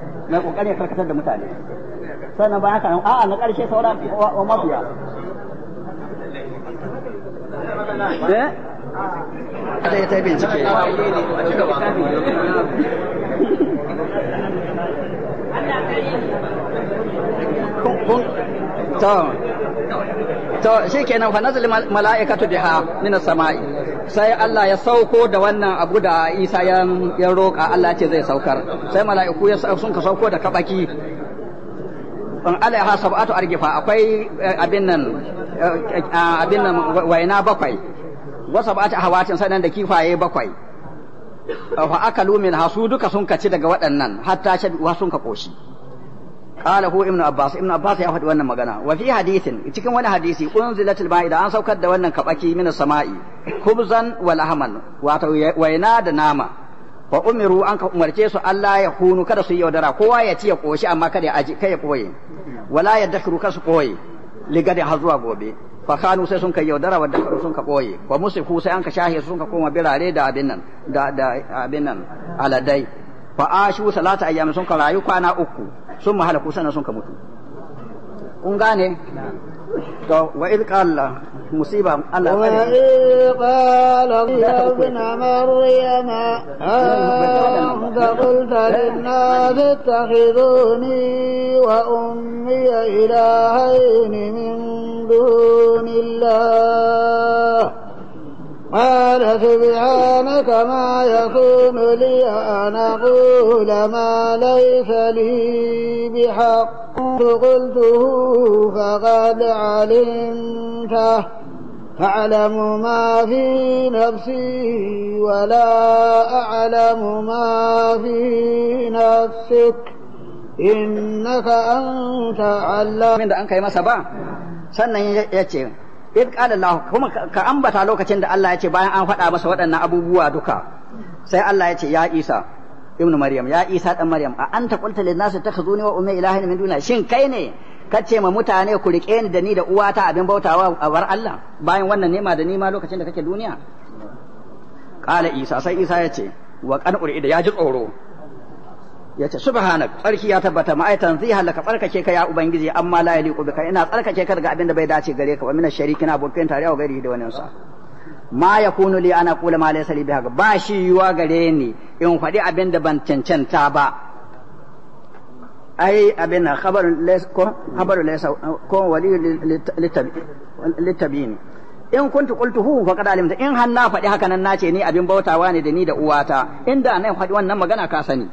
mai kokari ya karkatar da mutane sannan ba haka a na karshe sauran wa mafiya eh kada ya tabi to to shikenan fa nazal malaikatu biha min as-sama'i sai Allah ya sauko da wannan abu da Isa ya roƙa Allah ce zai saukar sai mala'iku ya sun ka sauko da kabaki an alaiha sab'atu argifa akwai eh, abin nan eh, eh, abin nan waina bakwai wa sab'atu hawatin sanan da kifaye bakwai fa akalu min hasu duka sun kaci daga waɗannan hatta shabi sun ka koshi قال هو ابن عباس ابن عباس يا wannan magana wa fi hadithin cikin wani hadisi unzilatil ba'ida an saukar da wannan kabaki min sama'i khubzan wal ahman wato waina da nama wa umiru an ka umarce su Allah ya hunu kada su yaudara kowa ya ci ya koshi amma kada ya aji kai ya koye wala ya dakru kasu koye ligadi har zuwa gobe fa kanu sai sun kai yaudara wa dakru sun ka koye wa musu sai an ka shahe sun ka koma birare da abin nan da da abin nan aladai fa ashu salata ayyam sun ka rayu kwana uku sun mahalaku sannan sun ka mutu kun gane to wa id qala musiba Allah wa id qala ibn maryam anta qulta linnas ittakhiduni wa ummi ilahayn min dunillah قال سبحانك ما يكون لي أن أقول ما ليس لي بحق قلته فقد علمته أعلم ما في نفسي ولا أعلم ما في نفسك إنك أنت علام من أنك يا مسبا سنة يتشير in qala Allah kuma ka ambata lokacin da Allah ya ce bayan an faɗa masa waɗannan abubuwa duka sai Allah ya ce ya Isa ibnu Maryam ya Isa dan Maryam a anta qulta lin nasi takhuzuni wa ummi ilahin min duna shin kai ne kace ma mutane ku rike ni da ni da uwata abin bautawa a bar Allah bayan wannan nema da nima lokacin da kake duniya qala Isa sai Isa ya ce wa qan urida ya ji tsoro ya ce subhanak tsarki ya tabbata ma ai halaka tsarkake ka ya ubangiji amma la yaliqu bika ina tsarkake ka daga abin da bai dace gare ka ba mina shariki na abokin tare a gari da wani sa ma yakunu li ana qula ma laysa li biha ba shi yuwa gare ni in faɗi abin da ban cancanta ba ai abin na khabarun laysa ko khabarun laysa ko wali litabini in kuntu qultuhu faqad alimta in hanna na faɗi haka nan nace ni abin bautawa ne da ni da uwata inda nan fadi wannan magana ka sani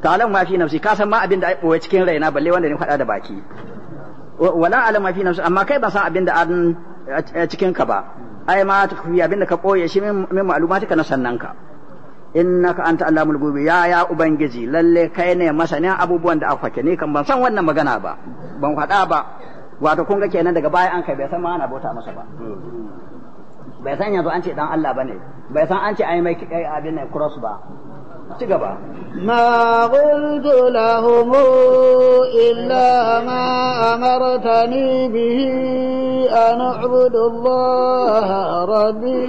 Ka ma fi nafsi ka san ma abin da ai boye cikin raina balle wanda ni faɗa da baki wala alam ma fi nafsi amma kai ban san abin da an cikin ka ba ai ma kufi abin da ka boye shi min ka na sannan ka innaka anta allamul gubi ya ya ubangiji lalle kai ne masanin abubuwan da aka ne kan ban san wannan magana ba ban faɗa ba wato kun ga kenan daga baya an kai bai san ma ana bauta masa ba bai san yanzu an ce dan Allah bane bai san an ce ai mai abin nan cross ba ci gaba ma qultu lahum illa ma amartani bihi an a'budu Allah rabbi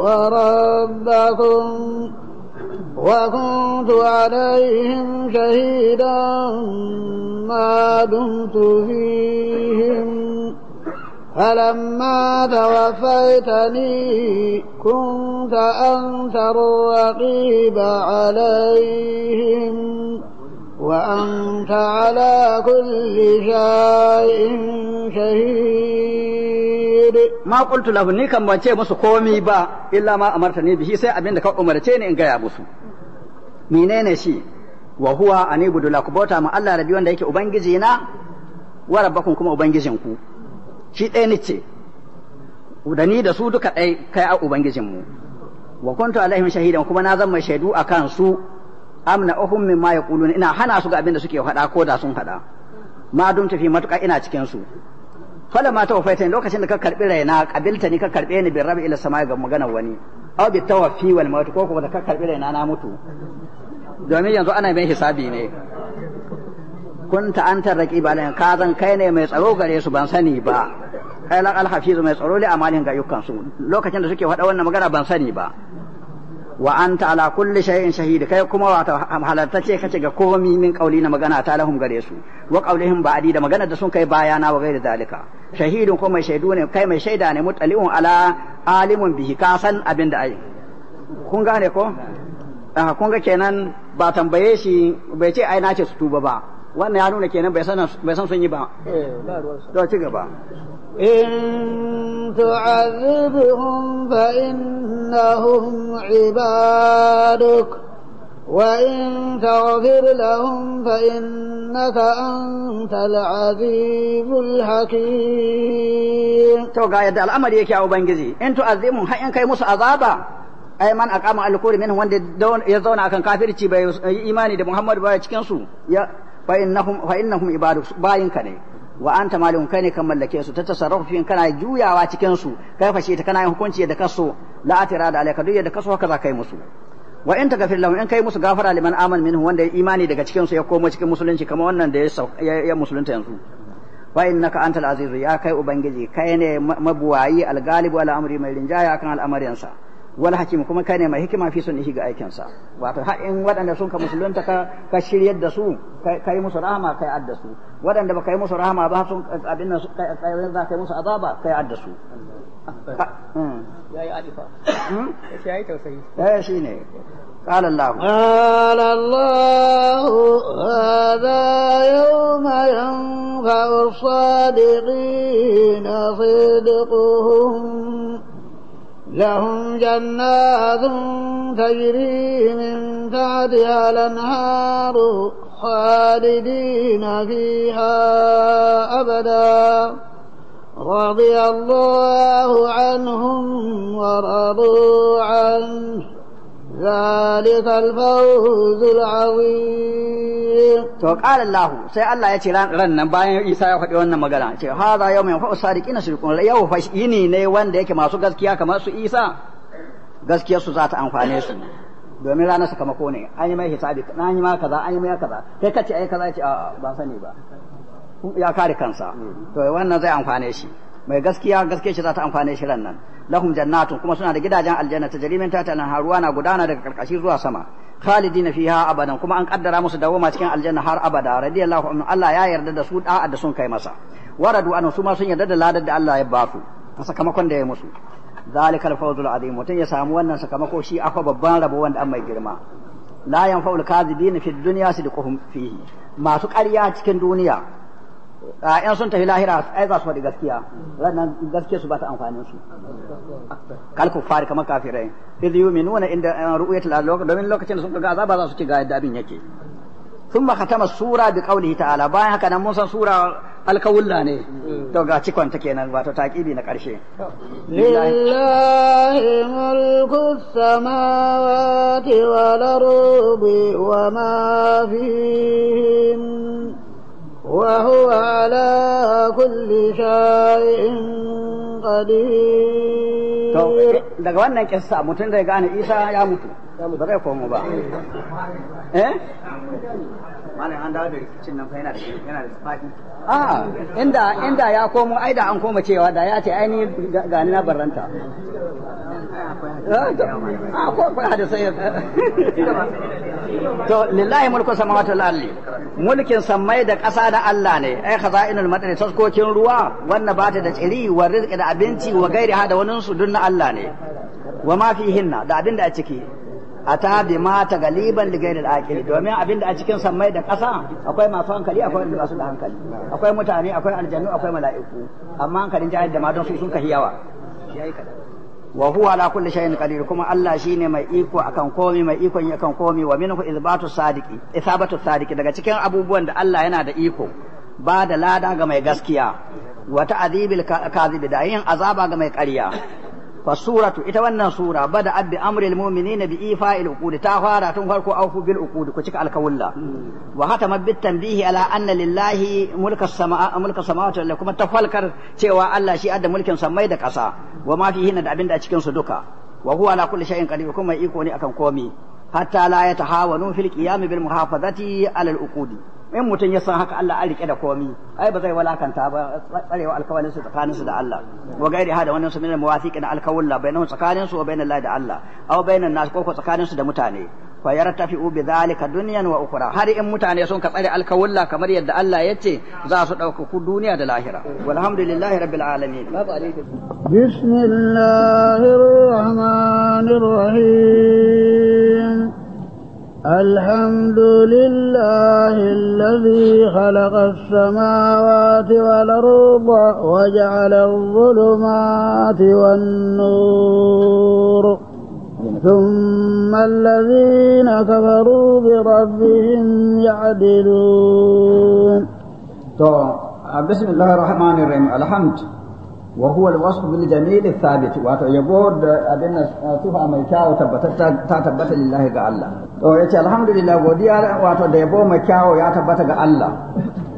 wa rabbakum wa kuntu alayhim shahidan ma dumtu فلما توفيتني كنت أنت الرقيب عليهم وأنت على كل شيء شهيد ما قلت له نيكا ما تشي مسو كومي با إلا ما أمرتني به سي أبين دكا أمرتني إن جاي مسو منين شي وهو أني يبدو لك ما الله ربي وان دايك أبنجزينا وربكم كما أبنجزينكو shi ɗaya ni ce da ni da su duka ɗai kai a ubangijinmu wa kuntu alaihim shahidan kuma na zama shaidu a kan su amna ohun min ma yaqulun ina hana su ga abin da suke faɗa ko da sun faɗa ma dum tafi matuƙa ina cikin su fala ma tawfaita lokacin da ka karɓi raina kabilta ni ka karbe ni bin rabi ila sama ga maganar wani au bi tawaffi wal mawt ko ko da ka karbi raina na mutu domin yanzu ana mai hisabi ne kun anta raqib alaihim ka zan kai ne mai tsaro gare su ban sani ba kai la al mai tsaro li amalin ga ayyukan su lokacin da suke faɗa wannan magana ban sani ba wa anta ala kulli shay'in shahid kai kuma wato ce kace ga komi min qauli na magana ta lahum gare su wa qaulihim ba'di da magana da sun kai bayana wa gairi dalika shahidun ko mai shaidu ne kai mai shaida ne mutali'un ala alimun bihi ka san abin da ai kun gane ko kun ga kenan ba tambaye shi bai ce ai nace su tuba ba wannan ya nuna kenan bai san sun yi ba to ci gaba in tu'azibhum fa innahum ibaduk وإن تغفر لهم فإنك antal العزيز الحكيم تو ga yadda al'amari yake a ubangiji in tu'azzimu har in kai musu azaba ai man aqama al-kufr minhu wanda ya zauna akan kafirci bai imani da Muhammadu ba cikin su ya fa innahum fa innahum ibadu ne wa anta malikun kai ne kan mallake su ta tasarrufu fin kana juyawa cikin su kai fashe ta kana yin hukunci da kaso la atira da alayka duk yadda kaso haka za kai musu wa in tagfir lahum in kai musu gafara liman aman minhu wanda ya imani daga cikin su ya komo cikin musulunci kamar wannan da ya musulunta yanzu wa innaka antal azizu ya kai ubangiji kai ne mabuwayi algalibu ala amri mai rinjaya kan al'amarinsa wal hakim kuma kai ne mai hikima fi sun ga aikin sa wato har in waɗanda sun ka musulunta ka ka shiryar da su kai musu rahama kai adda su waɗanda ba kai musu rahama ba sun abin nan kai za kai musu azaba kai adda su yayi alifa yayi tausayi eh shine قال الله قال الله هذا يوم ينفع الصادقين صدقهم لهم جنات تجري من تحتها الأنهار خالدين فيها أبدا رضي الله عنهم ورضوا عنه ذلك الفوز العظيم to qala Allah sai Allah ya ce ran nan bayan Isa ya faɗi wannan magana ce hadha yawmin fa usadiqina shirkun yau fa yini ne wanda yake masu gaskiya kamar su Isa gaskiyar su za ta amfane su domin ranar sakamako ne an yi mai hisabi an yi ma kaza an yi mai kaza kai kace ai kaza ce a ban sani ba ya kare kansa to wannan zai amfane shi mai gaskiya gaske shi za ta amfane shi ran nan lahum jannatun kuma suna da gidajen aljanna ta jarimin ta talan haruwa na gudana daga karkashi zuwa sama khalidina fiha abadan kuma an kaddara musu dawoma cikin aljanna har abada radiyallahu anhu Allah ya yarda da su da'a da sun kai masa waradu an su ma sun yarda da ladar da Allah ya ba su sakamakon da ya musu zalikal fawzul azim mutum ya samu wannan sakamako shi afa babban rabo wanda an mai girma la yanfa'ul kadhibina fid dunya sidquhum fihi masu ƙarya cikin duniya Yan ah, sun tafi lahira ai za su faɗi gaskiya wannan gaskiya su ba ta amfanin su kal kuffar kamar kafirai idh yu'minuna inda eh, ru'yatil alaq domin lokacin da sun ga azaba za su ci ga yadda abin yake thumma khatama sura bi qawlihi ta'ala bayan haka nan mun san sura alkawulla ne to ga cikon ta kenan wato taqibi na karshe lillahi mulku samawati wal ardi wa ma fihim وهو على كل شيء قدير daga wannan kissa mutum da ya gane isa ya mutu ba zai komo ba eh, eh? malam an dawo da cin nan fa yana da yana da Ah, inda inda ya komo ai da an koma cewa da ya ce ai ni gani na barranta a ah, ah, ko ko hada sai to lillahi mulku samawati wal ardi mulkin sammai da ƙasa da Allah ne ai khaza'inul madani saskokin ruwa wannan ta da tsiri wa rizqi da abinci wa gairi hada wani su dunna Allah ne wa ma fihinna da abin da a ciki ata bi mata galiban li ghairil aqil domin abinda a cikin sammai da ƙasa akwai masu hankali akwai wanda ba da hankali akwai mutane akwai aljannu akwai mala'iku amma hankalin jahil da madan su sun kahi yawa yayi kadan wa huwa ala kulli shay'in qadir kuma Allah shine mai iko akan komi mai ikon akan komi wa minhu izbatu sadiqi isabatu sadiqi daga cikin abubuwan da Allah yana da iko ba da lada ga mai gaskiya wa ta'dibil kadhib da yin azaba ga mai ƙarya fasuratu ita wannan sura bada abbi amril mu'minina bi ifa'il uqud ta fara tun farko aufu bil uqud ku cika alkawulla hmm. wa hatama bit tanbihi ala anna lillahi mulka samaa mulka samawati wal cewa Allah shi adda mulkin samai da ƙasa wa ma fihi da abinda a cikin su duka wa huwa shay'in iko ne akan bil muhafazati in mutum ya san haka Allah an rike da komi ai ba zai walakanta ba tsarewa alkawalin su tsakanin su da Allah wa gairi hada wannan su minal muwafiqin alkawulla bainahum tsakanin su wa bainal lahi da Allah aw bainan nas ko tsakanin su da mutane fa yartafi'u bi zalika dunyan wa ukhra har in mutane sun ka tsare alkawulla kamar yadda Allah ya ce za su dauka ku duniya da lahira walhamdulillahi rabbil alamin bismillahir rahmanir rahim الحمد لله الذي خلق السماوات والأرض وجعل الظلمات والنور ثم الذين كفروا بربهم يعدلون بسم الله الرحمن الرحيم الحمد وهو الوصف بالجميل الثابت واتو يبود أدنى سوها ميكاو تبت لله قال to ya ce alhamdulillah godiya wato da yabo mai kyawo ya tabbata ga Allah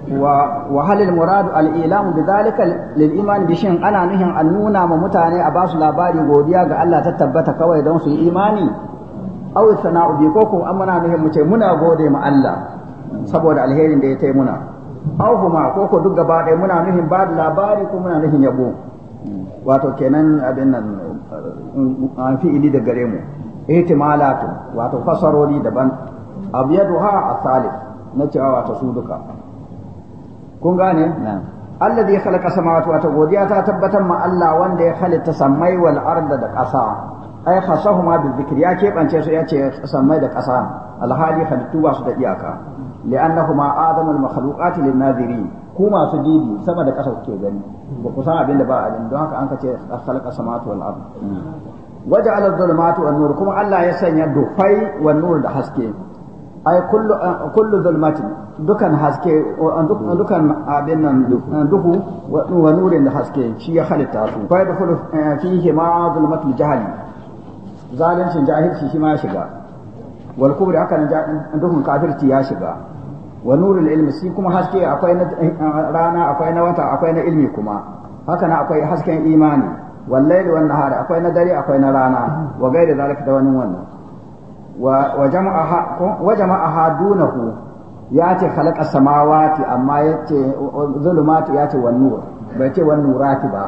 wa wa halil muradu al ilamu bidhalika lil iman bi shin ana nuhin an nuna ma mutane a basu labari godiya ga Allah ta tabbata kawai don su yi imani aw sana'u bi ko ko amana nuhin mu ce muna gode ma Allah saboda alherin da ya tai muna aw kuma ko ko duk gaba ɗaya muna nuhin ba da labari ko muna nuhin yabo wato kenan abin nan an fi'ili da gare mu ihtimalatun wato fasarori daban a salif na cewa wato su duka kun gane alladhi khalaqa samawati wa godiya ta tabbatan ma Allah wanda ya halitta samai wal arda da ƙasa ai khasahuma bil dhikri ya keɓance su ya ce samai da ƙasa alhali halittu ba su da iyaka li'annahuma adamul makhluqati lin nadirin ku masu didi sama da ƙasa kuke gani ba ku san abin da ba a don haka an ka ce khalaqa samawati wal arda mm. waje ala zulmatu wan nur kuma Allah ya sanya dufai wa nur da haske ai kullu kullu zulmati dukan haske dukan abin nan duhu wa nurin da haske shi ya halitta su fa da kullu eh, fihi ma zulmatul jahli zalincin jahilci shi ma shiga wal kubri haka duhun kafirci ya shiga wa nurul ilmi shi kuma haske akwai na eh, rana akwai na wata akwai na ilmi kuma haka na akwai hasken imani wallahi wan nahar akwai na dare akwai na rana wa gairi zalika da wani wannan wa jama'a wa jama'a dunahu ya ce khalaqa samawati amma yace ce zulumati ya ce wan nur bai ce wan nurati ba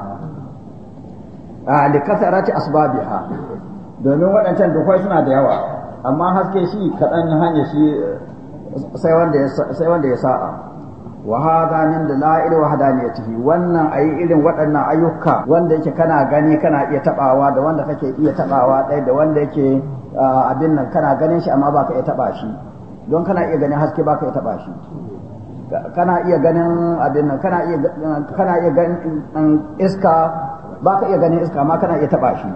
a da kasarati asbabiha domin waɗancan dukwai suna da yawa amma haske shi kaɗan hanya shi sai wanda ya sa'a wa hada min ya wahdaniyatihi wannan ayi irin waɗannan ayyuka wanda yake kana gani kana iya tabawa da wanda kake iya tabawa ɗaya da wanda yake abin nan kana ganin shi amma baka iya taba shi don kana iya ganin haske baka iya taba shi kana iya ganin abin nan kana iya kana iya ganin um, iska baka iya ganin iska amma kana iya taba shi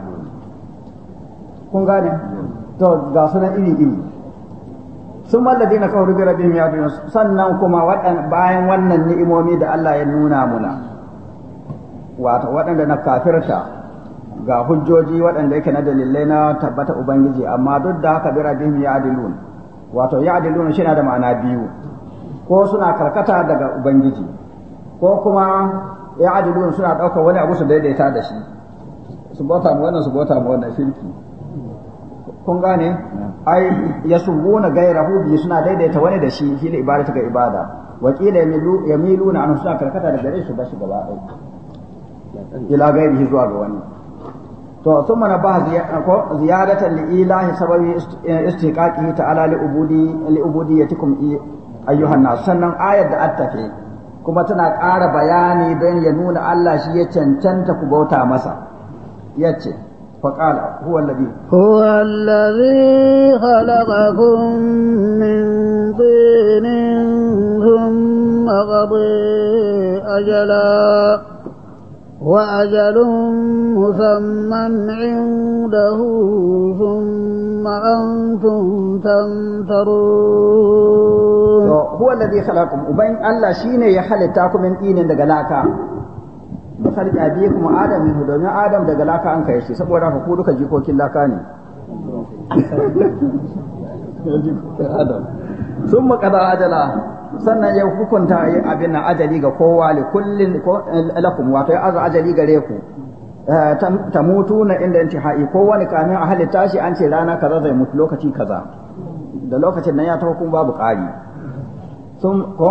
kun gane to ga sunan iri iri sun wallafi na kawar bi rabbi ya sannan kuma bayan wannan ni'imomi da Allah ya nuna muna wato waɗanda na kafirta ga hujjoji waɗanda yake na dalilai na tabbata ubangiji amma duk da haka bira rabbi ya adilun wato ya adilun shi na da ma'ana biyu ko suna karkata daga ubangiji ko kuma ya adilun suna ɗaukar wani abu su daidaita da shi su bauta mu wannan su bauta mu wannan shirki kun gane ai yasubuna gairahu bi suna daidaita wani da shi shi ibadatu ga ibada wa qila yamilu suna karkata da gare ba shi gaba ɗaya ila zuwa ga wani to sun mana ba ko ziyadatan li ilahi sababi istiqaqihi ta'ala li ubudi li ubudiyatikum ayyuhan nas sannan ayat da attafe kuma tana ƙara bayani don ya nuna Allah shi ya cancanta ku bauta masa yace فقال هو الذي هو الذي خلقكم من طين ثم قضي أجلا وأجل مسمى عنده ثم أنتم تمترون هو الذي خلقكم وبين الله شيني يخلق تاكم من طين دقلاكا misal biyu kuma adam minhu domin adam daga laka an kai shi saboda haka ku duka jikokin laka ne sun makada ajala sannan ya hukunta abin ajali ga kowa li kullin lakum wato ya aza ajali gare ku eh, ta mutu na inda intihai kowane kamin a halitta shi an ce rana kaza zai mutu lokaci kaza da lokacin nan ya ta hukun babu ƙari sun ko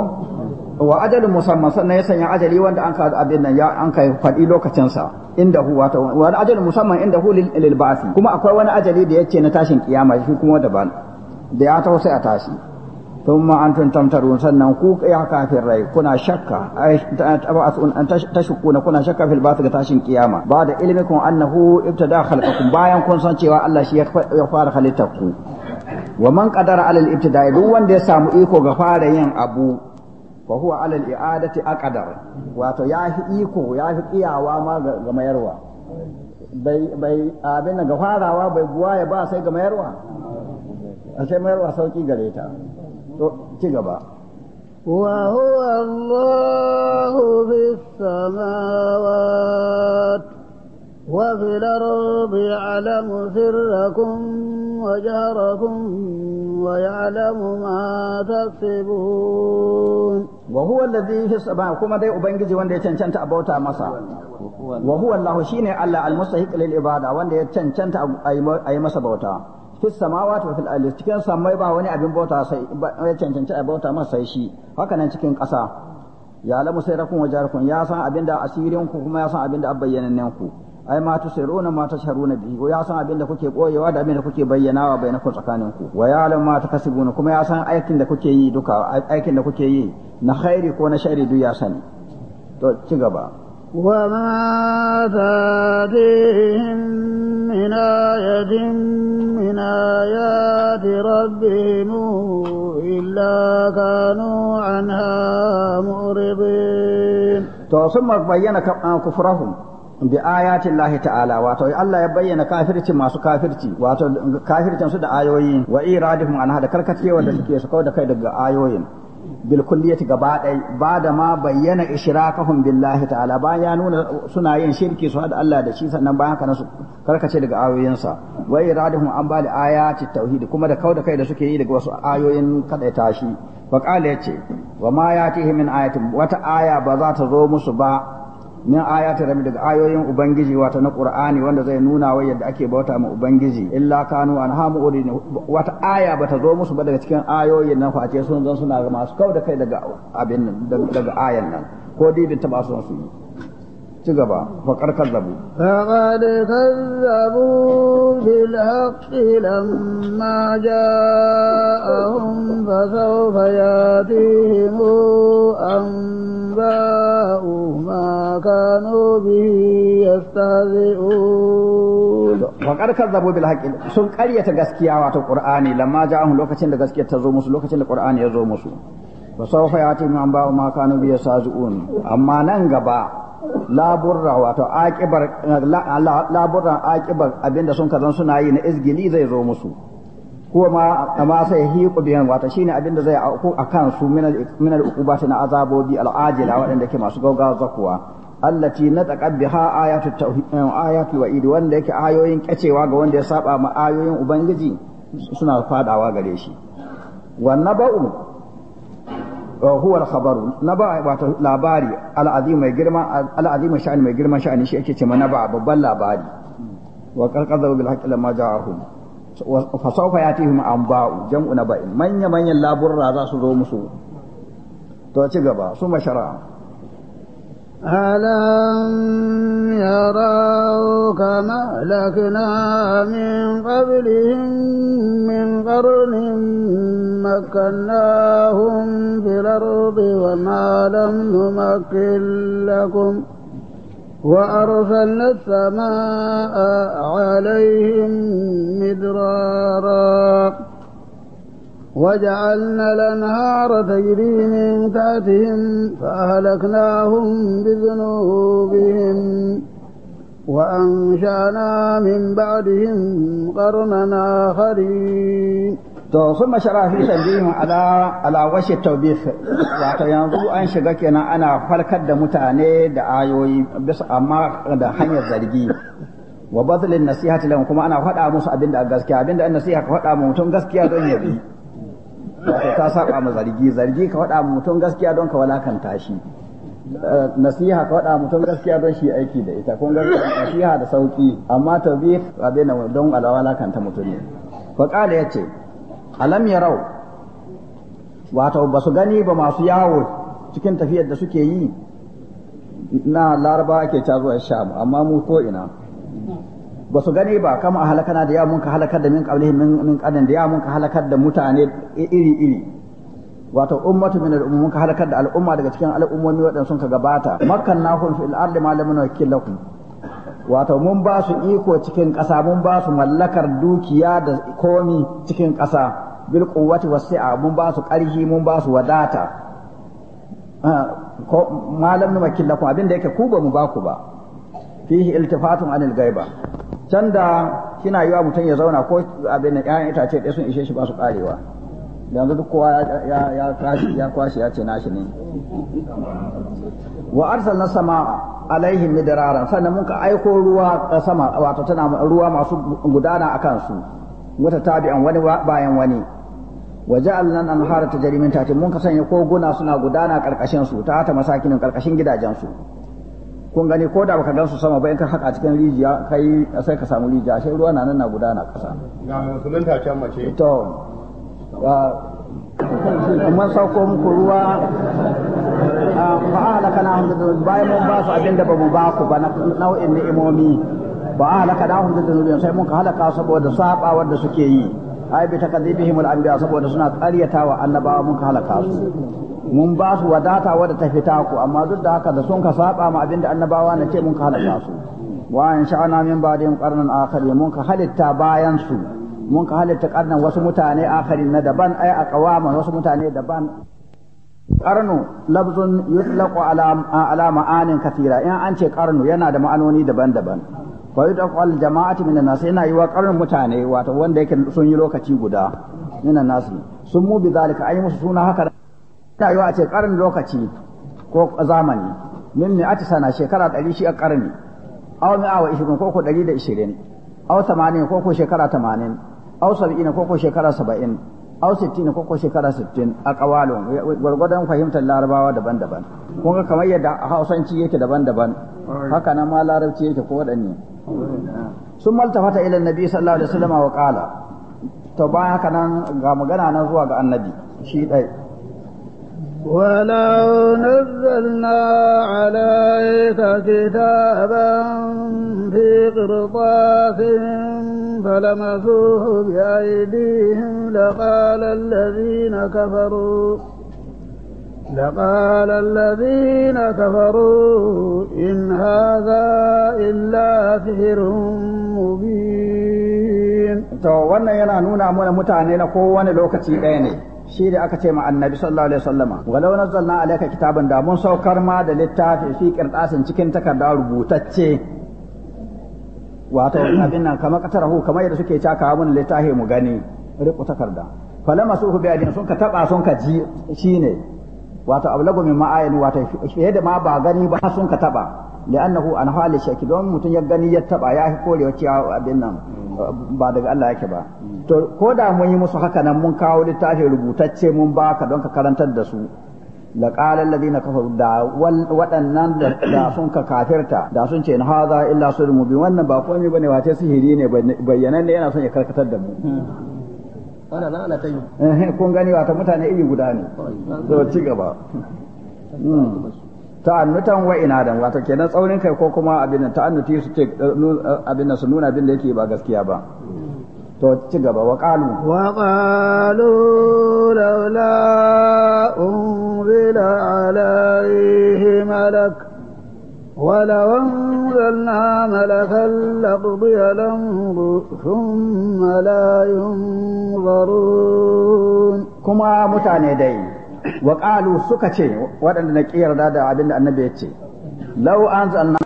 wa ajalin musamman sannan ya sanya ajali wanda an ka abin nan ya an kai faɗi lokacin sa inda hu wata wani ajalin musamman inda hu lil ba'thi kuma akwai wani ajali da yace na tashin kiyama shi kuma ban da ya taho sai a tashi an tun tamtarun sannan ku ya kafir rai kuna shakka an na kuna shakka fil ba'th ga tashin kiyama ba da ilmikum annahu ibtada khalqakum bayan kun san cewa Allah shi ya fara halittar ku wa man qadara alal ibtida'i duk wanda ya samu iko ga fara yin abu fa huwa ala al-i'adati aqdar wato ya iko ya fi iyawa ma ga mayarwa bai bai abin ga farawa bai buwaye ba sai ga mayarwa sai mayarwa sauki gareta to gaba وهو الله في السماوات وفي الأرض يعلم سركم وجهركم ويعلم ما تكسبون وهو الذي يسبح كما دai ubangiji wanda ya cancanta a bauta masa wa huwa shine Allah al-mustahiq lil ibada wanda ya cancanta a yi masa bauta fis samawati wa fil ardi cikin ba wani abin bauta a masa sai shi haka cikin ƙasa ya san asirin ku kuma ya san abinda abbayyanan ku ai ma tusiruna ma tasharuna bihi wa ya san abin da kuke koyewa da abin da kuke bayyanawa bainakum tsakanin ku wa ya'lam ma takasibuna kuma ya san aikin da kuke yi duka aikin da kuke yi na khairi ko na shari duk ya sani to ci gaba وما تاتيهم من آية من آيات ربهم إلا كانوا عنها معرضين. ثم بين كفرهم bi ayatin lahi ta'ala wato Allah ya bayyana kafirci masu kafirci wato kafircin su da ayoyi wa iradihum an hada karkacewa da suke su kawo da kai daga ayoyin bil kulliyati gaba dai ba da ma bayyana ishrakahum billahi ta'ala ba ya nuna suna yin shirki su hada Allah da shi sannan bayan haka su karkace daga ayoyin sa wa iradihum an ba da ayati tauhid kuma da kawo da kai da suke yi daga wasu ayoyin kada tashi wa qala yace wa ma yatihim min ayatin wata aya ba za ta zo musu ba min ayati rabbi daga ayoyin ubangiji wata na qur'ani wanda zai nuna wa yadda ake bauta ma ubangiji illa kanu an hamu urin wata aya bata zo musu ba daga cikin ayoyin nan face sun zan suna masu kau da kai daga abin daga ayan nan ko dibin ta ba su ci gaba faƙar kazzabu. Faƙar kazzabu bil haqqi lamma ja'ahum fa sawfa yatihim anba'u ma kanu bihi yastahzi'un. Faƙar kazzabu bil haqqi sun ƙaryata gaskiya wato Qur'ani lamma ja'ahum lokacin da gaskiya ta zo musu lokacin da Qur'ani ya zo musu. fa ya ce min ba ma kanu bi yasazuun amma nan gaba laburra wato aqibar abinda sun kazan suna yi na izgili zai zo musu ko ma amma sai hiƙo biyan wato shine abinda zai auku akan su uku ba shi na azabobi al ajila waɗanda ke masu gaugawa zakuwa allati nataqab biha ayatu tauhid ayatu wanda yake ayoyin kacewa ga wanda ya saba ma ayoyin ubangiji suna fadawa gare shi wa huwa al-khabaru naba wato labari al-azim mai girma al-azim sha'ani mai girma sha'ani shi yake ce mana babban labari wa qalqadhu bil haqqi lamma ja'ahum fa sawfa yatihim anba'u jam'u naba'in manya manyan laburra za su zo musu to ci gaba su mashara'a ألم يروا كما أهلكنا من قبلهم من قرن مكناهم في الأرض وما لم نمكن لكم وأرسلنا السماء عليهم مدرارا وجعلنا الأنهار تجري من تحتهم فأهلكناهم بذنوبهم وأنشأنا من بعدهم قرننا آخرين to sun mashara fi sabihin ala ala washe wato yanzu an shiga kenan ana farkar da mutane da ayoyi bisa amma da hanyar zargi wa bazlin nasihati lahum kuma ana faɗa musu abinda a gaskiya abinda an nasiha ka faɗa mutum gaskiya don ya bi ka saba ma zargi zargi ka faɗa mutum gaskiya don ka walakanta shi nasiha ka faɗa mutum gaskiya don shi aiki da ita kun ga nasiha da sauki amma tawbih abin nan don alwalakanta mutum ne fa qala yace alam yarau wato ba basu gani ba masu yawo cikin tafiyar da suke yi na laraba ake ta zuwa sham amma mu ko ina ba su gani ba kama a halakana da yamun ka halakar da min qablihim min qadan da yamun ka halakar da mutane iri iri wato ummatu min al-ummun ka halakar da al'umma daga cikin al'ummomi waɗanda sun ka gabata makkannahum fil ardi ma lam nuwakkil lakum wato mun ba su iko cikin ƙasa mun ba su mallakar dukiya da komi cikin ƙasa bil quwwati wasi'a mun ba su ƙarfi mun ba su wadata ah, ko malam nuwakkil lakum abin da yake ku ba mu ba ku ba fihi iltifatun anil gaiba can da kina yiwa mutum ya zauna ko abin da ƴaƴan itace ɗaya sun ishe shi ba su ƙarewa yanzu duk kowa ya ya ya kwashi ya ce nashi ne wa na sama alaihim midrara sannan mun ka aiko ruwa sama wato tana ruwa masu gudana a kansu wata tabi'an wani bayan wani wa ja'alna anhara tajri min tahti mun ka sanya koguna suna gudana karkashin su ta ta masakinin karkashin gidajen su kun gani ko da baka gansu sama ba in ka haka cikin rijiya kai sai ka samu rijiya sai ruwa na nan na gudana kasa ga musulun ta mace to mun sauko muku ruwa na hundu hamdu bayan mun ba su abinda ba mu ba ku ba nau'in ni'imomi fa'ala na hundu dunubin sai mun ka halaka saboda saba wanda suke yi ai bi takadibihim al-anbiya saboda suna ƙaryatawa annabawa mun ka halaka su mun ba su wadata wadda ta fita ku amma duk da haka da sun ka saba ma abinda annabawa na ce mun ka halaka su wa in sha'ana min ba ba'dihim qarnan akhari mun ka halitta bayan su mun ka halitta karnan wasu mutane akhari na daban ai a qawama wasu mutane daban qarnu labzun yutlaqu ala ala ma'anin kathira in an ce qarnu yana da ma'anoni daban-daban fa yutlaqu al jama'ati min an-nas yana yi wa qarnu mutane wato wanda yake sun yi lokaci guda min an-nas sun mu bi zalika ai musu suna haka ta wa a ce ƙarin lokaci ko zamani min ne ati sana shekara ɗari shi a ƙarni aw mi awa ishirin ko ko ɗari da ishirin aw tamanin ko ko shekara tamanin aw sab'in ko ko shekara saba'in aw sittin ko ko shekara sittin a ƙawalon gwargwadon fahimtar larabawa daban-daban kun ga kamar yadda hausanci yake daban-daban haka nan ma larabci yake ko waɗanne sun maltafata ila nabi sallallahu alaihi wasallam wa ƙala. to bayan haka nan ga magana nan zuwa ga annabi shi ɗaya ولو نزلنا عليك كتابا في قرطاس فلمسوه بأيديهم لقال الذين كفروا لقال الذين كفروا إن هذا إلا سحر مبين. تو وانا yana nuna mana mutane na لوكتي lokaci shi da aka ce ma annabi sallallahu alaihi wasallama walau nazzalna alayka kitaban da mun saukar ma da littafi fi qirtasin cikin takarda rubutacce wato abin nan kamar katarahu kamar yadda suke caka mun littafi mu gani riƙo takarda falama suhu bi adin sun ka taba sun ka ji shine wato ablagu min ma'ayin wato fiye da ma ba gani ba sun ka taba li'annahu an hali shaki don mutum ya gani ya taba ya korewa cewa abin nan ba daga Allah yake ba to ko da mun yi musu haka nan mun kawo littafin rubutacce mun baka don ka karantar da su la qala alladhina kafaru da waɗannan da sun ka kafirta da sun ce in hadha illa sirrun mubin wannan ba komai bane wace sihiri ne bayyanan ne yana son ya karkatar da mu kun gani wata mutane iri guda ne ta'annutan wa inadan wato kenan tsaurin kai ko kuma abin ta'annuti su ce eh, eh, abin su nuna abin da yake ba gaskiya ba to ci gaba wa qalu wa qalu laula unzila alaihi malak ولو أنزلنا ملكا لقضي الأمر ثم لا ينظرون كما متعني دين wa qalu suka ce waɗanda na kiyarda da abinda annabi ya ce law anzalna